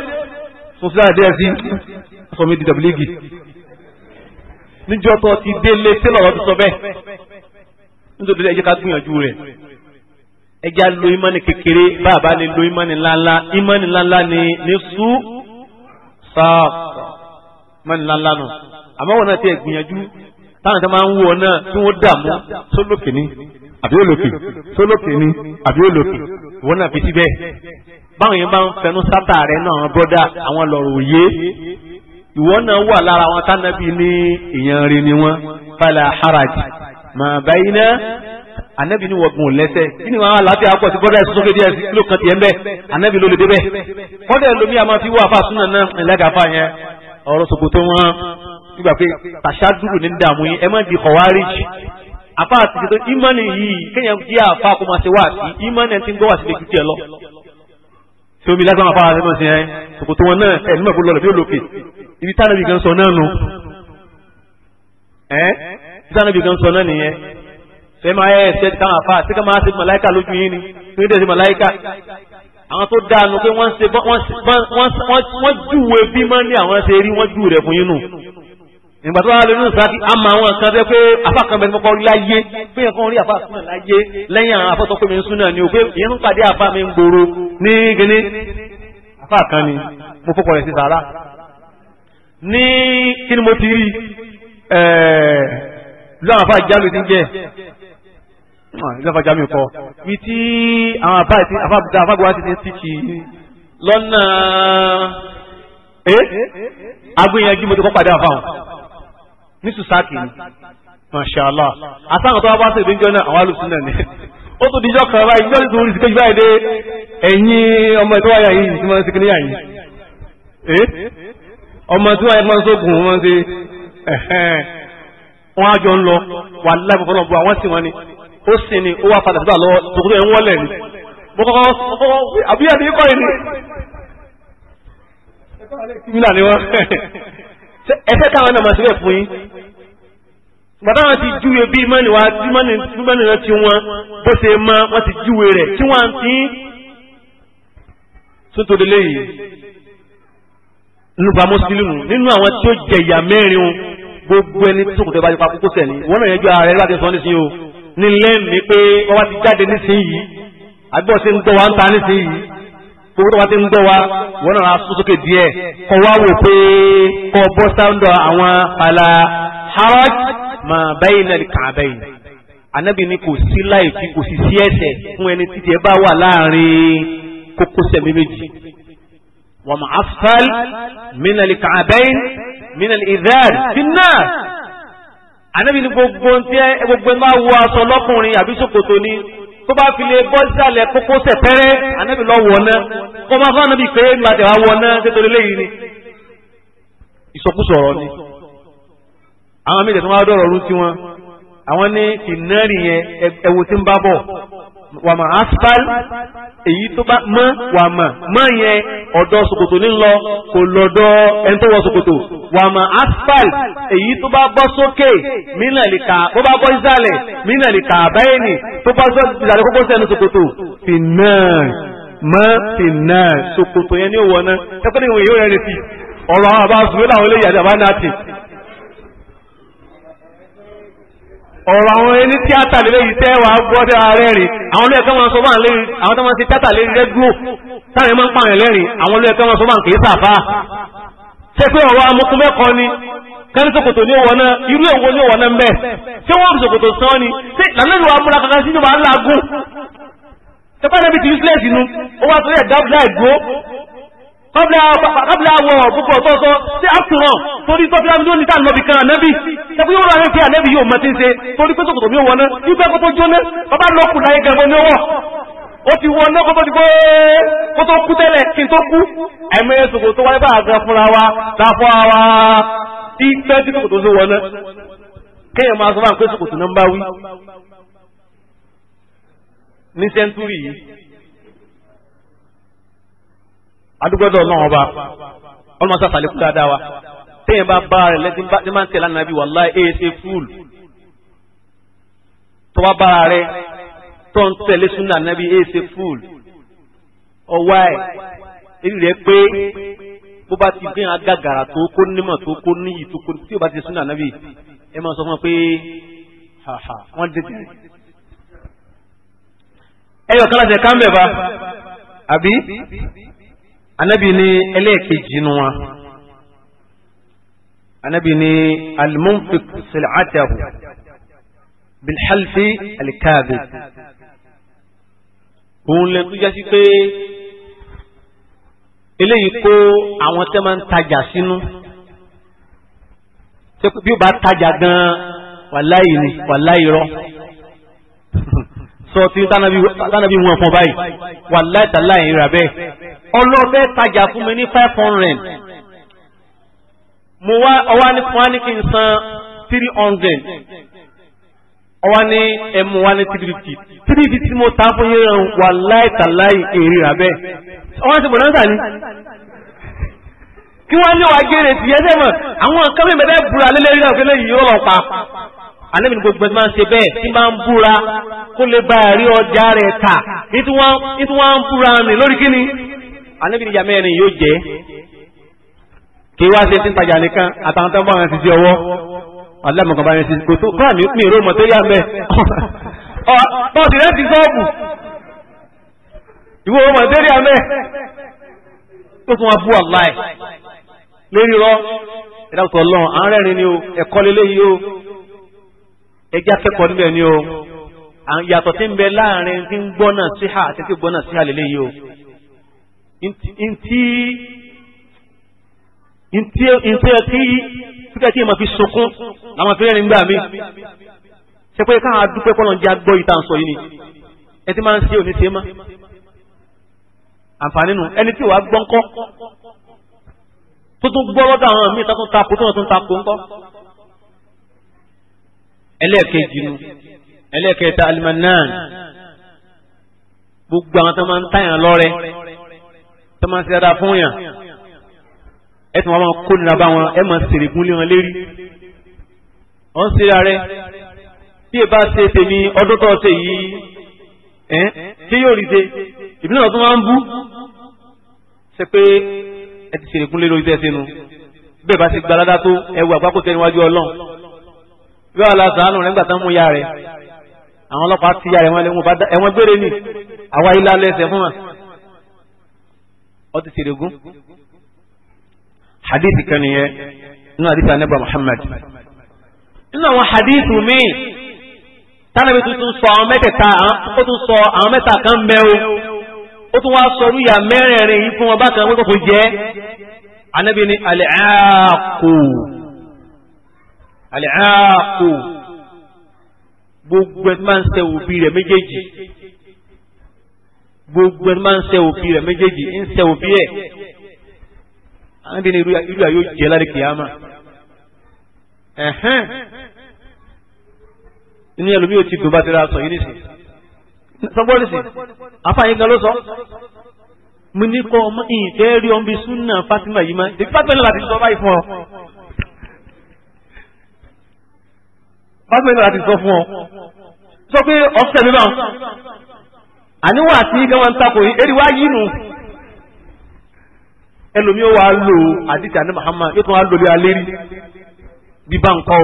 fún sílá àdéhà sí fún mi dw league níjọ́ tó ti délé tẹ́lọ̀ ọ̀rọ̀ ti sọ bẹ́ẹ̀ nítorí ẹ jẹ́ ká gbìyànjú rẹ̀ ẹ jẹ́ lo ìmọ̀ni kékeré bàbá lè lo ìmọ̀ni ńláńlá ìmọ̀ni ńláńlá ni ní sú sáàpù ìmọ̀ni ńláńlá nù àmọ́ wọn náà ti ẹ̀ gbìyànjú táwọn tó máa ń wọ náà tí wọ́n dààmú sólókè ni àbí olókè sólókè ni àbí olókè wọn náà fi síbẹ̀ báwọn yẹn bá ń fẹnu sátà rẹ náà àwọn bọ́dà àwọn lọ́rọ̀ òye ìwọ náà wà lára àwọn tánàbí ní èèyàn rí ni wọn fala haraj mà báyìí náà anabi ni wọgbọn lẹsẹ kíni wọn aláfíà akọ ti bọdà ìsọsọ kéde ẹsẹ kílò kan tiẹ ń bẹ anabi ló lè débẹ kọdà ẹlòmíà máa fi wọ àfa súnà náà ẹlẹgà fà yẹn ọ̀rọ̀ ṣòkòtò wọn nígbà pé tàṣádùrù ní dààmú yín ẹ má di kọwárìjì àfa àti ìmọ̀nì yìí kéèyàn jẹ́ àfa kó máa ṣe wá sí ìmọ̀nì ẹ̀ ti ń gbọ́ wá sí lè ju lọ tí omi lásán àfa àti mọ̀sí ẹ tòkòtò wọn náà ẹ̀ nígbà gbọ́dọ̀ bí olókè ibi tí ànábì gan sọ náà nù ẹ́ tí ànábì gan sọ náà nìyẹn fẹ́ máa ẹ̀ ṣe káwọn àfa àti káwọn àti màláìka lójú yín ni tí wọ́n tẹ̀sí màláìka àwọn tó dáa nù pé wọ́n ṣe wọ́n júwe bí mọ́ ní àwọn ṣe rí wọ́n jù rẹ̀ fún yín nù ìgbà tó wà lórí náà sáà tí a máa wọn kan tẹ́ pé afákan bẹ́ẹ̀ kọ́kọ́ láyé pé yẹn kan rí afákan láyé lẹ́yìn àwọn afọ́sọ́ mi ń sún náà ni o pé ìyẹn ń pàdé afá mi ń gbòòrò ní gíní afákan ni mo fọ́kọ̀ rẹ̀ sí sàrà ní kí ni mo ti rí lọ́wọ́ afá ìjálù ti ń jẹ́ ìlú afá ìjálù kọ́ ibi tí àwọn afá ìtì afábùdá afágbọ́n ti ti ti lọ́nà agbóyanjú mo ti kọ́ pàdé afáwọn ní sùsáàkì ni mashallah àtàwọn tó wá bá sèdè ńjọ náà àwọn alùsùn náà ni ó tó dijọ́ kan báyìí ìjọ́ nítorí sí kejì báyìí dé ẹ̀yin ọmọ ìtọ́wá yà yìí tí wọ́n ń sikiri yà yìí ọmọ tí wọ́n yẹ máa ń sókun wọ́n ti wọ́n á jọ ń lọ wà láì fọlọ́ bu àwọn sì wọ́n ni ó sì ni ó wà padà síbà lọ́wọ́ tòkòtò ẹ̀ ń ni mo kọ́kọ́ àbí àbí kọ́ ẹ̀ ni. ẹsẹ̀ káwọn náà máa síbẹ̀ fún yín bàbá wọn ti júwe bí mọ́nì wá tí mọ́nì náà ti wọn bó ṣe mọ́ wọ́n ti júwe rẹ̀ tí wọ́n ti ń sótòdé léyìí nínú bá mùsùlùmù nínú àwọn tí ó jẹ̀yà mẹ́rin o gbogbo ẹni tó kò tẹ́ bá yípa kókó sẹ̀ ni wọ́n náà yẹn ju ara rẹ̀ láti sọ nísìnyí o ní lẹ́mìí pé wọ́n wá ti jáde nísìnyí àgbọ̀ ṣe ń dọ̀ wá ń ta nísìnyí gbogbo tó ti ń gbọ́ wa wọ́n náà sún sókè díẹ̀ kọ́ wá wò pé kọ́ bọ́ sáńdọ̀ àwọn fàlà haraj mà bẹ́yìn náà kà bẹ́yìn. ànábì ni kò sí láìfi kò sì sí ẹ̀ṣẹ̀ fún ẹni títí ẹ bá wà láàrin kókósẹ̀ méjèèjì. wọ́n mọ̀ asfal mínàlì kà bẹ́yìn mínàlì ìdáàrí fínà. ànábì ni gbogbo ń tẹ́ gbogbo ń bá wọ aṣọ lọ́kùnrin àbí ṣòkòtò ni tó bá fi lè bọ́ sísàlẹ̀ kókó sẹ̀pẹ́rẹ́ ànábì lọ wọ̀ náà kó máa fún ànábì pé nígbà tẹ̀ wá wọ̀ náà nítorí léyìí ni ìsọkúsọ ọ̀rọ̀ ni àwọn méjèèjì tó máa dọ̀rọ̀ ọ̀run tiwọn àwọn ní kìnnẹ́rì yẹn tí ń bá bọ̀ wà mà asfal èyí tó bá mọ́ wà mà mọ́ yẹn ọ̀dọ̀ ṣòkòtò ní lọ kò lọ́dọ̀ ẹni tó wọ ṣòkòtò wà mà asfal èyí tó bá bọ́ sókè mínà lè kà bó bá bọ́ ìsàlẹ̀ mínà lè kà báyìí nì tó bá sọ ìsàlẹ̀ kókó sẹ́nu ṣòkòtò fìnnà mọ́ fìnnà ṣòkòtò yẹn ní òwò náà tẹ́kọ̀ọ́ ọ̀rọ̀ àwọn ẹni tíátà lè léyìí tẹ́ wàá gbọ́ tẹ́ ara rẹ́rìn àwọn olóyè kan máa sọ báà léyìn àwọn tó máa ń ṣe tíátà lè rẹ́gbó táwọn ẹ̀ máa ń pààyàn lẹ́rìn àwọn olóyè kan máa sọ báà kì í sàfà. ṣé pé ọ̀rọ̀ amukun mẹ́kọ ni kẹ́ni ṣòkòtò ní wọn náà irú èwo ní wọn náà mbẹ́ ṣé wọ́n fi ṣòkòtò sàn ni ṣé làlẹ́lu amúra kankan sí ìjọba ńlá gùn. ṣé pẹ́ kọ́bílá wọ̀ púpọ̀ tọ́tọ́ tí a tún ràn torí tọ́bílá ló ní tàbí kan ànẹ́bì tẹ́kù yóò rọrùn pé ànẹ́bì yóò mọ́ tí ń ṣe torí pé sọ́kòtò mi wọ́n náà nígbà kó tó jóná bàbá lọ́kù láyé gẹ̀rọ ní ọwọ́ ó ti wọ́n náà kó tó ti gbé kó tó kú tẹ́lẹ̀ kí n tó kú ẹ̀mẹ́ sòkò tó wáyé bá àgbà fúnra wa láfọ́ wa tí pẹ́ tí sòkòtò sí wọ́n náà kéèyàn máa sọ fún àpé sòkòtò náà ń bá wí ní sẹ́ńtúrì yìí adúgbọ́dọ̀ ọlọ́run ọba ọlọ́run sá sàlékún dáadáa wa téèyàn bá bá rẹ̀ lẹ́sìn bá máa ń tẹ̀lé ànábì wàláhì èyí ṣe fúlù tó bá bá rẹ̀ tó ń tẹ̀lé súnà ànábì èyí ṣe fúlù ọwá ẹ̀ èyí rẹ̀ pé bó bá ti gbìyànjú agàgàrà tó kó nímọ̀ tó kó níyì tó kó tí o bá ti súnà ànábì ẹ máa sọ fún ọ pé wọ́n dé tẹ̀lé. ẹyọ kálá anabi ní ẹlẹ́ẹ̀kejì nu wọn anabi ní alimunfik silcatahu bilxalfi alikaabi òun lè tó jásí pé eléyìí kó àwọn tẹ́ máa ń tajà sínú bí ó bá tajà gan-an ni wàláyì rọ sọ tí tánàbí wọn fún báyìí wàláyì tàláyì rà bẹ́ẹ̀ ọlọ́fẹ́ tajà fún mi ní five hundred mo wá ọwá ní fún wa ní kí n san three hundred ọwá ní ẹmu wa ní three fifty three fifty mo ta fún yẹn wà láì tàláì èrè rà bẹ́ẹ̀ ọwá ti bọ̀dọ̀ ń tà ní kí wọ́n lé wa gèrè sí ẹsẹ̀ mọ̀ àwọn nǹkan mímu bẹ́ẹ̀ búra lélẹ́rìí náà fẹ́lẹ́ yìí yóò lọ pa alẹ́mi ni gbogbo ẹni máa ń ṣe bẹ́ẹ̀ tí máa ń búra kó lè bá ẹ̀rí ọjà rẹ̀ ta ní tí wọ́n ń búra rìn lórí kíni anábì níjà mẹ́rin yóò jẹ́ kí wá ṣe ti ń tajà nìkan àtàwọn tó ń bá wọn ti di ọwọ́ alámọ̀kan bá wọn ti kò tó kọ́ àmì mi ìró mọ̀ tó yá mẹ́ bọ́ọ̀sì rẹ̀ ti sọ́ọ̀bù ìwọ ọmọ ìdérí amẹ́ tó tún wá bú àláì lérí rọ ìdáwùtọ̀ ọlọ́run àárẹ̀rin ni o ẹ̀kọ́ lélẹ́yìí o ẹjẹ́ akẹ́kọ̀ọ́ níbẹ̀ ni o yàtọ̀ tí ń bẹ láàrin tí ń gbọ́ náà síhà àti tí ń gbọ́ náà síhà lélẹ́yìí o ntí ntí ntí ẹ kí fíkẹ́ tí ẹ máa fi sunkún làwọn fẹ́rẹ́ nígbà mí ṣe pé káwọn adúpẹ́ kọ́ lọ́n jẹ́ agbọ́ ìta sọ yìí ni ẹ ti máa ń ṣe òní ṣe má àǹfààní nu ẹni tí wàá gbọ́ ńkọ́ tó tún gbọ́ lọ́dọ̀ àwọn míì tó tún takò tó tún takò ńkọ́ ẹlẹ́ẹ̀kejì nu ẹlẹ́ẹ̀kẹta alimanan gbogbo àwọn tó máa ń tàyàn lọ́rẹ́ tó máa ń ṣe dáadáa fún yàn ẹ tún wọn máa kó nira bá wọn ẹ máa ṣèrè gúnlẹ̀ wọn lérí wọn ṣe ara rẹ bí ẹ bá ṣe tèmi ọdún tó ṣe yìí ẹ ṣé yóò rí ṣe ìbílẹ̀ náà tún máa ń bú ṣe pé ẹ ti ṣèrè gúnlẹ̀ lórí tẹ̀sí nu bẹ́ẹ̀ bá ṣe gba aládá tó ẹ wo àgbákò tẹ́ níwájú ọlọ́run bí wàá la sàánù rẹ̀ ńgbà tán mú ya rẹ̀ àwọn ọlọ́pàá ti ya rẹ̀ wọn lé wọn gbére ni àwa ilé alẹ́ ẹsẹ̀ fún wa ọ ti ṣèrè ogun hadith kan nìyẹn nínú hadith anábà Muhammad nínú àwọn hadith míì tánàbí tuntun sọ àwọn mẹ́tẹ̀ẹ̀ta ó tún sọ àwọn mẹ́ta kan bẹ́ o ó tún wá sọ rúyà mẹ́rẹ̀ẹ̀rin yìí fún wọn bákan wípé kò jẹ́ anábì ní alẹ́àkù alẹ́àkù gbogbo ẹ̀ máa ń sẹ òbí rẹ̀ méjèèjì gbogbo ẹni máa ń sẹ òbí rẹ̀ méjèèjì ń sẹ òbí ẹ̀ àwọn ẹni irú yà yóò jẹ́ lárí kìámà ẹ̀hẹ́n inú ẹlòmíì ò ti dùn bá ti ra sọ yìí nìsín sọgbọ́n nìsín àfààyàn kan ló sọ mo ní kọ́ ọmọ ìfẹ́ rí ọmọ bíi súnà Fatima yìí máa dèbí Fatima náà láti sọ báyìí fún ọ. Fatima náà láti sọ fún ọ sọ pé ọ̀sẹ̀ mi náà. àníwà tí gẹ́wọ́n ń takò yìí eré wá yìí ẹlòmí ó wàá lò àdìsí àní bi yóò tún wàá lò alérí bí o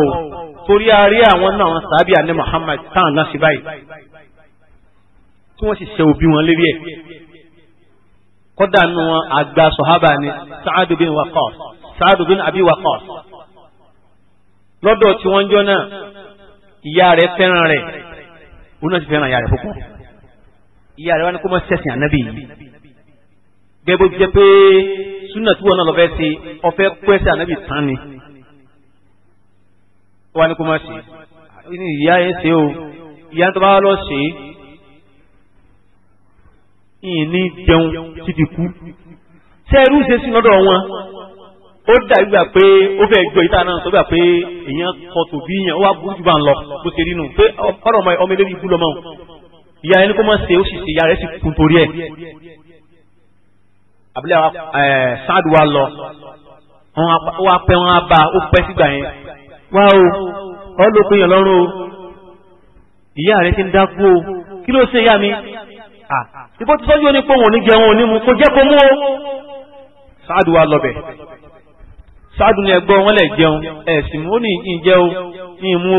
torí àárí àwọn náà sábì àní Muhammad táwọn náà ṣe báyìí tí wọ́n sì ṣe òbí wọn ni Sa'adu bin Waqqas Sa'adu Abi Wakos. lọ́dọ̀ tí wọ́n jọ náà ìyá rẹ̀ fẹ́ràn rẹ̀ òun náà fẹ́ràn ìyá rẹ̀ wá ní kó mọ́ sẹ̀sìn ànábì yìí gẹ́gẹ́ bó jẹ́ pé súnà tí wọn náà lọ fẹ́ ṣe ọfẹ́ pẹ́sẹ̀ ànábì tán ni wá ní kó mọ́ ṣe ìyá yẹn ṣe o ìyá tó bá wá lọ ṣe ìyìn ní jẹun títí kú ṣé irú ṣe sí lọ́dọ̀ wọn ó dàbí gbà pé ó fẹ́ gbọ́ ìta náà tó gbà pé èèyàn kọ tòbí yẹn ó wá burú jù bá ń lọ bó ṣe rí nù pé ọ̀rọ̀ ọmọ ẹlẹ́rìí ibú lọ́mọ ìyá ẹni kó mọ̀ ṣe ó sì ṣe ìyá rẹ̀ sì kú torí ẹ̀ abúlé sáàdù wa lọ ó wá pẹ́ wọn á bá ó pẹ́ sígbà yẹn wá o ọ ló pe yàn lọ́rùn o ìyá rẹ̀ ti ń dákú o kí ló ṣe ìyá mi ìbọn ti sọ́jú onípo òun ò ní jẹun òní mu kò jẹ́ kó mú o sáàdù wa lọ bẹ̀ sáàdù ni ẹgbọ́ wọn lẹ̀ jẹun ẹ̀sìn mú ní ìjẹun ìmú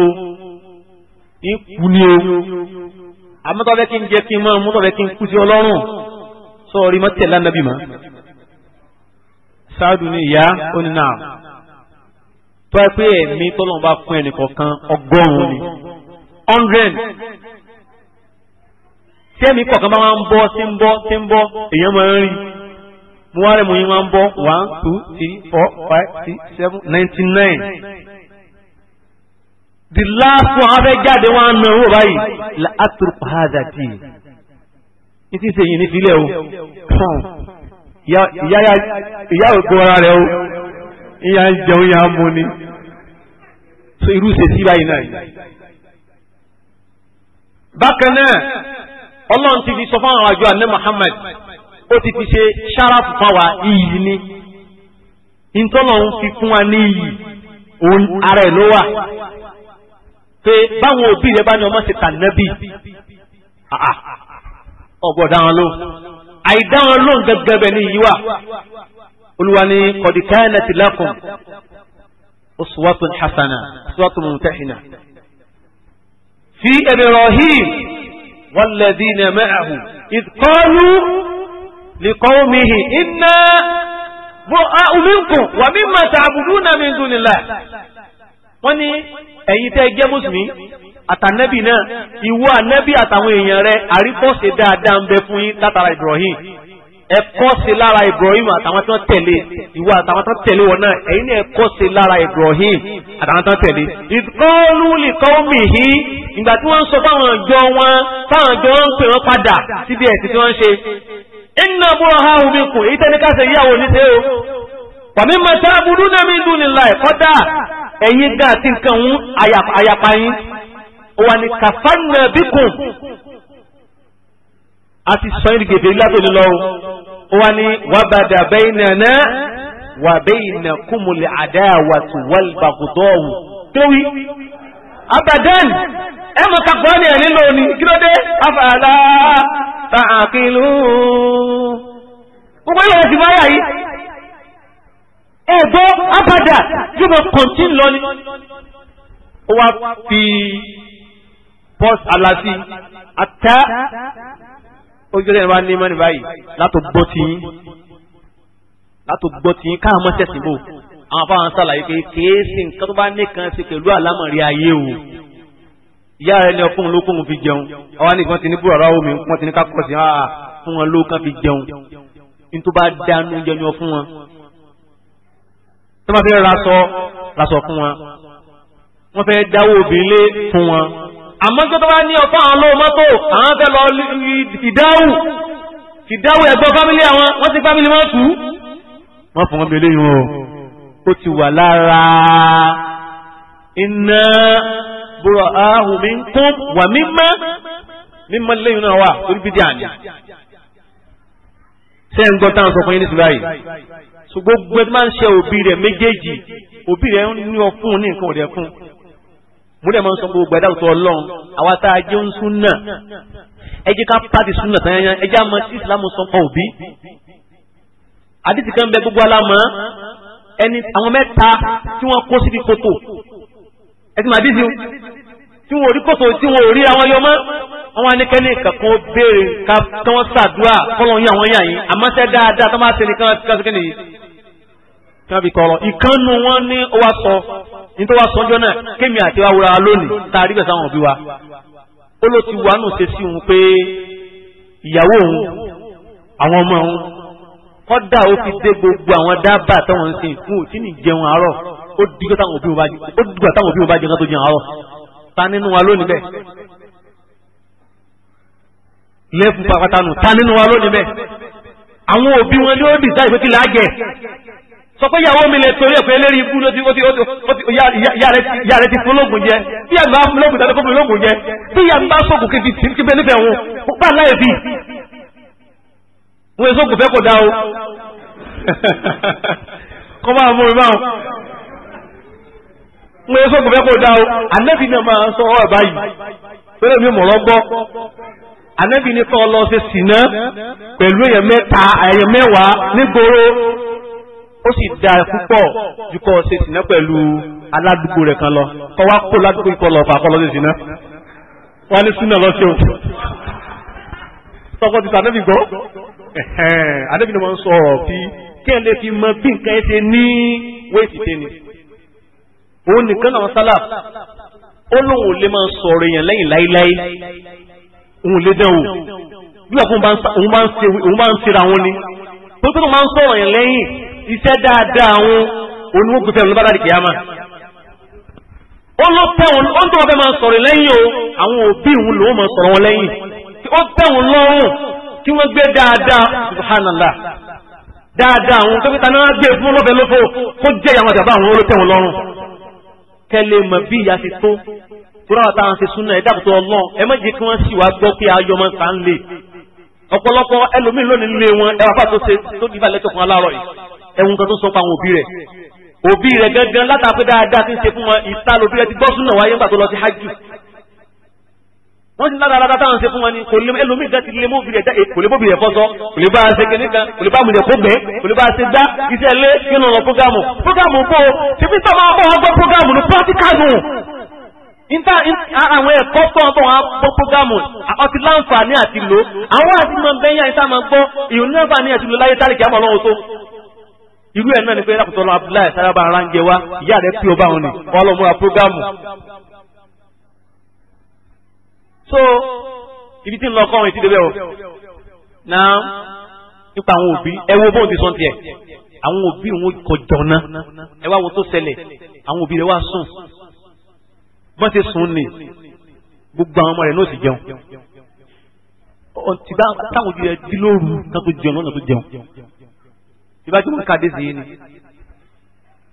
o ní ni o àmọ́ tọ́fẹ́ kí n jẹ́ kí n máa mú tọ́fẹ́ kí n kú sí ọlọ́run sọ̀rí mọ́ tẹ̀lé ànábì mọ́. sáàdù ni ìyá ó ní náà tó ẹ pé ẹ̀mí tọ́lọ́run bá fún ẹnìkọ̀ọ̀kan ọgọ́rùn-ún ni hundred tí ẹ̀mí kọ̀ọ̀kan bá máa ń bọ́ sí ń bọ́ sí ń bọ́ èèyàn máa ń rí mo wá rẹ̀ mo yín máa ń bọ́ one two three four five six seven ninety nine the last one abẹ́ jáde wọn á na owó báyìí la atruku hadha tí n ti ṣe yìí ní filẹ̀ o ìyá òkú ara rẹ̀ o ìyá ń jẹun ìyá ń mu ni so irú ṣe sí báyìí náà bákan náà ọlọ́run ti fi sọ fún àwọn àjọ àná Muhammad ó ti fi ṣe ṣáráfù fáwa iyì ni ìtọ́lọ̀ ń fi fún wa ní iyì ara ẹ̀ ló wà pé báwọn òbí rẹ bá ní ọmọ ṣe tànẹ́bì ọgbọ̀dá wọn ló àìdá ló ń gẹ́gẹ́ bẹ́ẹ̀ ní ìyíwá olúwa ni kọ̀dìkáyánà ti lakum uswatun hasana uswatun mumtahina fi Ibrahim walladhina ma'ahu idh qalu liqawmihi inna bura'u minkum wa mimma ta'buduna min dunillah wọ́n ní ẹ̀yin tẹ́ jẹ́ mùsùlùmí àtànẹ́bì náà ìwọ ànẹ́bì àtàwọn èèyàn rẹ àríkọ́ṣe dáadáa ń bẹ fún yín látara Ibrahim ẹ̀kọ́ṣe lára Ibrahim àtàwọn tó tẹ̀lé ìwọ àtàwọn tó tẹ̀lé wọn náà ẹ̀yin náà ẹ̀kọ́ṣe lára Ibrahim àtàwọn tó tẹ̀lé. ìkọ́lù lìkọ́ mi hí ìgbà tí wọ́n ń sọ fáwọn ọjọ́ wọn fáwọn ọjọ́ wọn ń pè wọ́n padà síbi ẹ̀sìn tí wọ́n ń ṣe. ìnáwó pàmí mọ̀tá burú náà mi dùn nílá ẹ̀ kọ́dà ẹ̀yin gan àti nǹkan ń àyàpá yín wà ní kàfánà bíkùn àti sọyìn ní gèdè lábẹ́ni lọ́wọ́ wà ní wàbàdà bẹ́ẹ̀ nàná wà bẹ́ẹ̀ nà kúmùlẹ̀ àdáwàtú wàlbàgùdọ́wù kéwì abadan ẹ mọ̀ kakọ́ ni ẹ̀ nílò ní kí ló dé afàlà tààkìlú gbogbo yóò ti báyà yìí ẹ̀gbọ́ abada yóò máa kọ̀ǹtì lọ ni. ó wá fi bọ́ọ̀sì aláàtì àtẹ ojúlé ìwà ní mọ́ni báyìí látò gbọ́ ti yín látò gbọ́ ti yín káà mọ́ tẹ̀sí bò àwọn afáwọn sàlàyé pé kìí sí nǹkan tó bá nìkan ṣe pẹ̀lú àlámọ̀rí ayé o ìyá rẹ ni ọkùnrin lókùnrin fi jẹun ọwọ́ nìkan ti ní búrọ̀rọ̀ omi wọn ti ní ká sí ah, fún wọn lókàn fi jẹun nítorí bá dánú jẹun fún wọn tó máa fẹ́ raṣọ raṣọ fún wọn wọ́n fẹ́ dáwọ́ obìnrin lé fún wọn. àmọ́ tó bá ní ọ̀pá àwọn olówó mọ́tò àwọn fẹ́ lọ ìdáwù ìdáwù ẹ̀gbọ́n fámílì àwọn wọ́n ti fámílì wọn tù ú. wọ́n fún wọn bí eléyìí wọn o ó ti wà lára iná bùrọ̀ ahùn mi ń kún wà mímọ́ mímọ́ lẹ́yìn náà wà orí bídí àná. ṣé gbọ́ táwọn sọ fún yín nísìnyí báyìí so gbogbo ẹni máa ń ṣe òbí rẹ̀ méjèèjì òbí rẹ̀ ń ní ọkùn ní nǹkan ọ̀dẹ̀ fún mo dẹ̀ máa ń sọ gbogbo ẹ̀dá òtọ́ ọlọ́run àwa tá a jẹ́ ń súnà ẹ jẹ́ ká pàdé súnà tán yẹn ẹ jẹ́ àmọ́ tí ìsìlámù sọ kan òbí àdìsí kan bẹ gbogbo alámọ ẹni àwọn mẹ́ta tí wọ́n kó síbi kòtò ẹ ti máa dí sí o tí wọn ò rí kòtò tí wọn ò rí àwọn yọmọ wọn wá ní kẹ́ni kankan béèrè ká wọn ṣàdúrà kọ́lọ́ yín àwọn yàn yín àmọ́ṣẹ́ dáadáa tó máa ṣe ní káwọn káwọn kẹ́ni yìí tí wọ́n fi kọ́ ìkànnù wọn ní ó wá sọ ní tó wá sọ náà kémi àti wa wúra lónìí tá a rí bẹ̀ sáwọn òbí wa ó ló ti wà nù ṣe sí òun pé ìyàwó òun àwọn ọmọ òun kọ́dà ó fi dé gbogbo àwọn dábàá táwọn ń sìn fún òtí ní jẹun àárọ̀ ó dìgbà táwọn òbí wọn bá jẹun àárọ̀ ta nínú wa lónìí bẹ́ẹ̀ lẹ́fù pàpàtànù ta nínú wa lónìí bẹ́ẹ̀ àwọn òbí wọn ni ó dì sáì pé kí láàgẹ̀ sọ pé ìyàwó mi lè torí ẹ̀pẹ́ lérí ibú ló ti ìyá rẹ̀ ti fún lóògùn jẹ bí àgbà lóògùn tàbí kófin lóògùn jẹ bí àgbà sọ̀gùn kí ti bẹ nífẹ̀ẹ́ wọn ó pa láì bí wọn èso kò fẹ́ kò dá o kọ́ bá mú mi báwọn mo yẹ sọ́kùn fẹ́ kó dá o ànábì náà máa sọ ọ́ báyìí pẹ̀lú mi mọ̀rọ́ gbọ́ ànábì ní kọ́ lọ ṣe sìnà pẹ̀lú èèyàn mẹ́ta èèyàn mẹ́wàá nígboro ó sì da púpọ̀ ju kọ́ ṣe sìnà pẹ̀lú aládùúgbò rẹ̀ kan lọ kọ́ wá kó ládùúgbò ikọ̀ lọ fà kọ́ lọ ṣe sìnà wọ́n ní súnà lọ ṣe o tọkọ ti sànábì gbọ́ ànábì náà máa ń sọ ọ̀rọ̀ fi kí ẹ lè fi mọ bí nǹkan ẹ ṣe ní wéètì tẹ́ni. o nìkan náà sálà ó lóun ò lè máa sọ̀rọ̀ èèyàn lẹ́yìn láíláí òun lè dán o bí ń fún òun bá ń ṣera wọn ni tó tó máa ń sọ̀rọ̀ èèyàn lẹ́yìn iṣẹ́ dáadáa wọn òun ni wọ́n gbé fẹ́ ó ló tẹ́ wọn ó ń tó wọn fẹ́ máa sọ̀rọ̀ lẹ́yìn o àwọn òbí òun lòun máa sọ̀rọ̀ wọn lẹ́yìn ó tẹ́ wọn lọ́rùn kí wọ́n gbé dáadáa subhanallah dáadáa àwọn tó fi ta gbé fún kó àwọn kẹ́lẹ́ mọ̀ bí ìyá ti tó tóra wa táwọn ṣe súnà ẹ̀ dàbọ̀tọ̀ ọlọ́run ẹ má jẹ́ kí wọ́n sì wá gbọ́ pé ayọ̀ máa ń ta ń lè ọ̀pọ̀lọpọ̀ ẹlòmíín lónìí nílé wọn ẹ wàá fà tó ṣe tó dìbà lẹ́tọ̀ fún aláàrọ̀ yìí ẹ̀wùn kan tó sọ pa àwọn òbí rẹ̀ òbí rẹ̀ gangan látàpé dáadáa ti ń ṣe fún wọn ìta lòbí rẹ̀ ti gbọ́ súnà wáyé ńgbà tó lọ sí hajj wọ́n ti lára ara táwọn ṣe fún wọn ni kò lè ẹlòmíì gan ti lè mú obìnrin ẹ̀dá kò lè bó obìnrin ẹ̀fọ́sọ kò lè bá a ṣe kíní kan kò lè bá a múlẹ̀ kó gbẹ kò lè bá a ṣe gbá iṣẹ́ ilé nínú ọ̀rọ̀ prógámù prógámù bó o ṣèbí tó máa bọ̀ wọ́n gbọ́ prógámù ní pátíkàlù níta àwọn ẹ̀kọ́ tó ń bọ̀ wọ́n gbọ́ prógámù ọtí láǹfààní àti lò àwọn àti máa bẹ́yà níta máa gbọ́ ìròyìn láǹfààní àti lò láyé tálíkì àmọ́ ọlọ́run tó irú ẹ̀ náà ni pé lákòótọ́ lọ so ibi tí ń lọ kọrin ti débẹ̀ o náà nípa àwọn òbí ẹ wo bóun ti sọ tiẹ̀ àwọn òbí òun kọjọ náà ẹ wá wo tó ṣẹlẹ̀ àwọn òbí rẹ wá sùn bọ́n ti sùn ni gbogbo àwọn ọmọ rẹ̀ náà sì jẹun ọtí bá táwọn òbí rẹ dí lóru náà tó jẹun náà tó jẹun ìbájú wọn ká dé sí yìí ni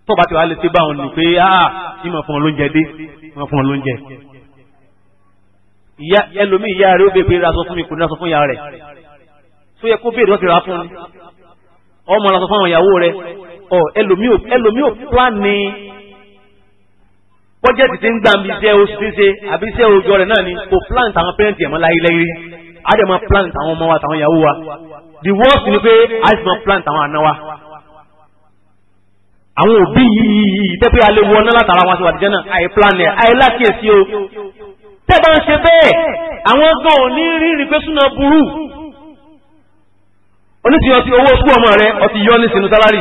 tọ́ba tí wàá lè ṣe báwọn ni pé ah ìmọ̀ fún ọ lóúnjẹ dé ìmọ̀ fún ọ lóúnjẹ ìyá ẹlòmíì ìyá rẹ̀ ó bèbè ra sọ fún mi kò ní ra sọ fún ìyá rẹ̀ tó yẹ kó béèrè wọ́n ti ra fún un ọmọ ra sọ fún àwọn ìyàwó rẹ̀ ọ ẹlòmíì ẹlòmíì ò pílánì bọ́jẹ́tì ti ń gbà mí iṣẹ́ oṣù ṣíṣe àbí iṣẹ́ òjò rẹ̀ náà ni kò pílánì tàwọn pẹ́rẹ́ǹtì ẹ̀mọ́ láyé lẹ́yìn á dẹ̀ máa pílánì tàwọn ọmọ wa tàwọn ìyàwó wa the worst ni pé á sì máa pílánì tàwọn àna wa àwọn òbí yìí tẹ́pẹ́ alẹ́ wọ náà látara wọn sí wàdìjẹ́ náà àìpílánì àìlákìyèsí o tẹ́bà ń ṣe bẹ́ẹ̀ àwọn gan ò ní rírì pé súnà burú oníṣìí ọtí owó sukú ọmọ rẹ ọtí yọ ní sínú sálárì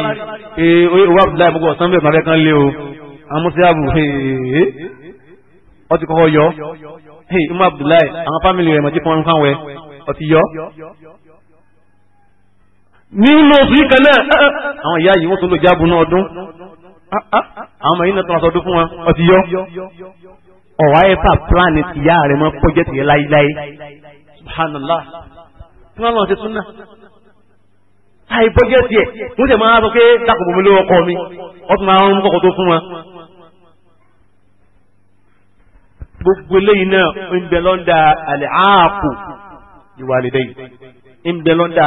ee owó abdullahi bọ́kọ̀ ọ̀sán bẹ́ẹ̀ màfẹ́ kan lé o amúṣẹ́àbù ee ọtí kọ́kọ́ yọ ee imú abdullahi àwọn fámìlì rẹ̀ mọ̀tí fún fáwọn ẹ ọtí yọ. nínú oṣù yìí kan náà àwọn ìyá yìí wọ́n tún lò jáàbù náà ọdún ah, ah. àwọn ọmọ yìí náà tún aṣọ ọdún fún wọn ọtí yọ ọ̀wá ẹ̀fà pílánì ti yá rẹ̀ mọ́ pọ́jẹ́tì yẹn láíláí subhanallah tí wọ́n lọ sí súnà àì pọ́jẹ́tì ẹ̀ wọ́n sì máa sọ pé dákòbò mi ló ọkọ mi ọtún máa ń kọ́kọ́ tó fún wọn. gbogbo eléyìí náà ń bẹ lọ́ndà àlẹ́ ààpò ìwà àlẹ́dẹ́ yìí ń bẹ lọ́ndà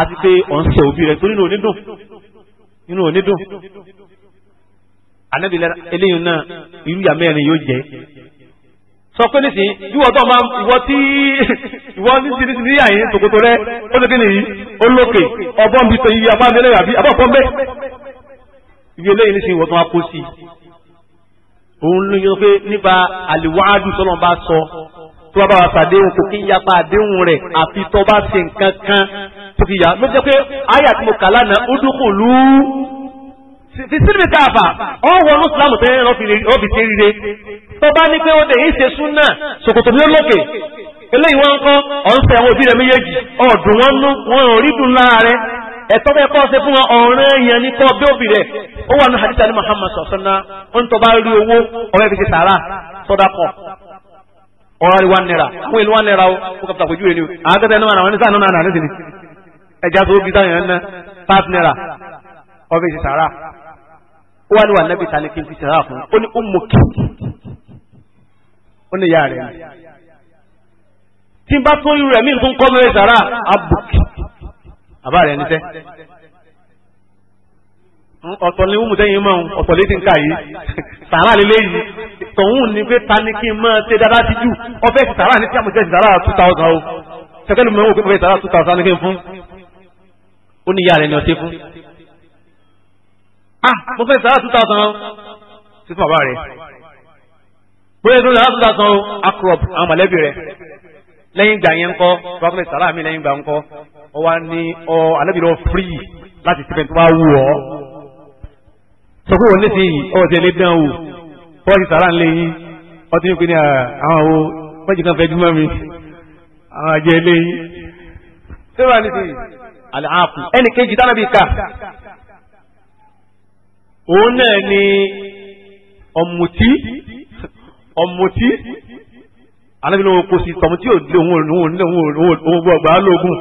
àti pé ọ̀n sẹ̀ òbí rẹ̀ tó nínú onídùn nínú onídùn anabi lẹ́ra eléyìí náà irú ìyá mẹ́rin yóò jẹ́ sọ pé nísìnyí ìwọ tó máa ìwọ tí ìwọ nísìnyí ní àyè tòkòtò rẹ ó lè kéde yìí ó lókè ọbọ nbí tó yí abá mi lẹ́yìn àbí abá pọ́ńbẹ́ ibi eléyìí nísìnyí ìwọ tó máa kó sí i òun ló yọ pé nípa àlìwáàdù tọ́lọ́ bá sọ tó bá bá sàdéhùn kò kí n yapa àdéhùn rẹ̀ àfi tó bá ṣe nǹkan kan tó fi yà ló jẹ́ pé àyà tí mo kà lánàá ó dúkùn lùú. sísílì tá a ọ wọ ní islam tẹ́lẹ̀ ọ́fì sí rire tó bá ní pé ó dẹ̀ yín ṣe sokoto ṣòkòtò ní olókè eléyìí wọn kọ́ ọ̀nsẹ̀ àwọn òbí rẹ̀ méjèèjì ọ̀dùn wọn nú wọn rí dùn láàárẹ̀ ẹ̀tọ́ bẹ́ẹ̀ fún wọn yẹn n'i òbí ó wà ní muhammad ó ń one naira àwọn one naira ó ẹni wọn àwọn ó wá ní wà nábì ta ni kí n fi sàrà fún ó ní ummuki ó ní ìyá rẹ̀ tí n bá tó irú rẹ̀ mí tó ń kọ́ mẹ́rin sàrà abuki àbá rẹ̀ níṣẹ́ ọ̀tọ̀ ni umu tẹ́yìn mọ́ ọ̀tọ̀ létí nǹka yìí sàrà lélẹ́ yìí tọ̀hún ni pé ta ni kí n máa ṣe dáadáa ti jù ọbẹ̀ sàrà ní tí a mọ̀ jẹ́ sàrà two thousand o sẹ́kẹ́lì mọ̀ ọ́n kí n fẹ́ sàrà two thousand ní kí n fún ó ní ìyá rẹ̀ ni ọtí fún ah mo fẹ́ sàrà two thousand o sí fún bàbá rẹ̀ bóyá ìdúró sàrà two thousand o akrop àwọn mọ̀lẹ́bí rẹ̀ lẹ́yìn ìgbà yẹn ńkọ́ fúnakùnrin sàrà mi lẹ́yìn ìgbà ńkọ́ ọ wá ní ọ alẹ́bí rẹ̀ free láti síbẹ̀ tó bá wù ọ́ sọ pé wọ́n ní sí ọ̀sẹ̀ lé dán o bọ́ọ̀sì sàrà ń lé yín ọtí yóò pé ní ah, àwọn o mọ́jì kan fẹ́ dúmọ́ mi àwọn àjẹ́ lé yín. sọ́wọ́n ní sí àlẹ́ àpò ẹnì kejì dáná bíi ká òun náà ni ọ̀mùtí ọ̀mùtí alábìlẹ̀ òun kò sí tọ̀mùtí ò lé òun òun òun gbọ́gbà lóògùn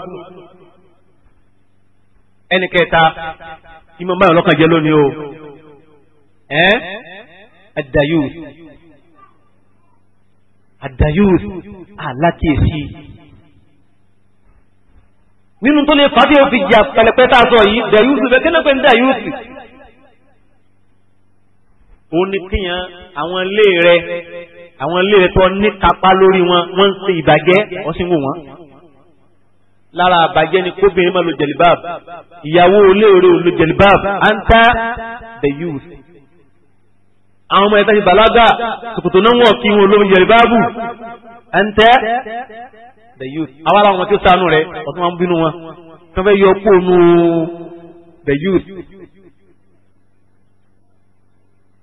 ẹnì kẹta ìmọ̀ báyọ̀ lọ́kàn jẹ́ lónìí o ẹ́ adayus adayus alákìyèsí nínú tó lè fàdé òfin jà pẹlẹpẹ tá a sọ yìí dayus bẹ́ẹ̀ kí ló pé ń dayus òun ni kíyan àwọn ilé rẹ àwọn ilé rẹ tó ní kápá lórí wọn wọ́n ń ṣe ìbàjẹ́ wọ́n wò wọ́n. lára àbàjẹ́ ni kóbìnrin máa lo jẹ̀lìbáàb ìyàwó ilé rẹ ò lo jẹ̀lìbáàb anta the youth. àwọn ọmọ ẹ̀ta ti bàlágà tòkòtò náà wọ̀ kí wọn lómi jẹ̀lìbáàbù anta the youth. àwa làwọn ọmọ tí ó sànù rẹ ọ̀tún máa ń bínú wọn tí wọ́n fẹ́ yọ kó nu the youth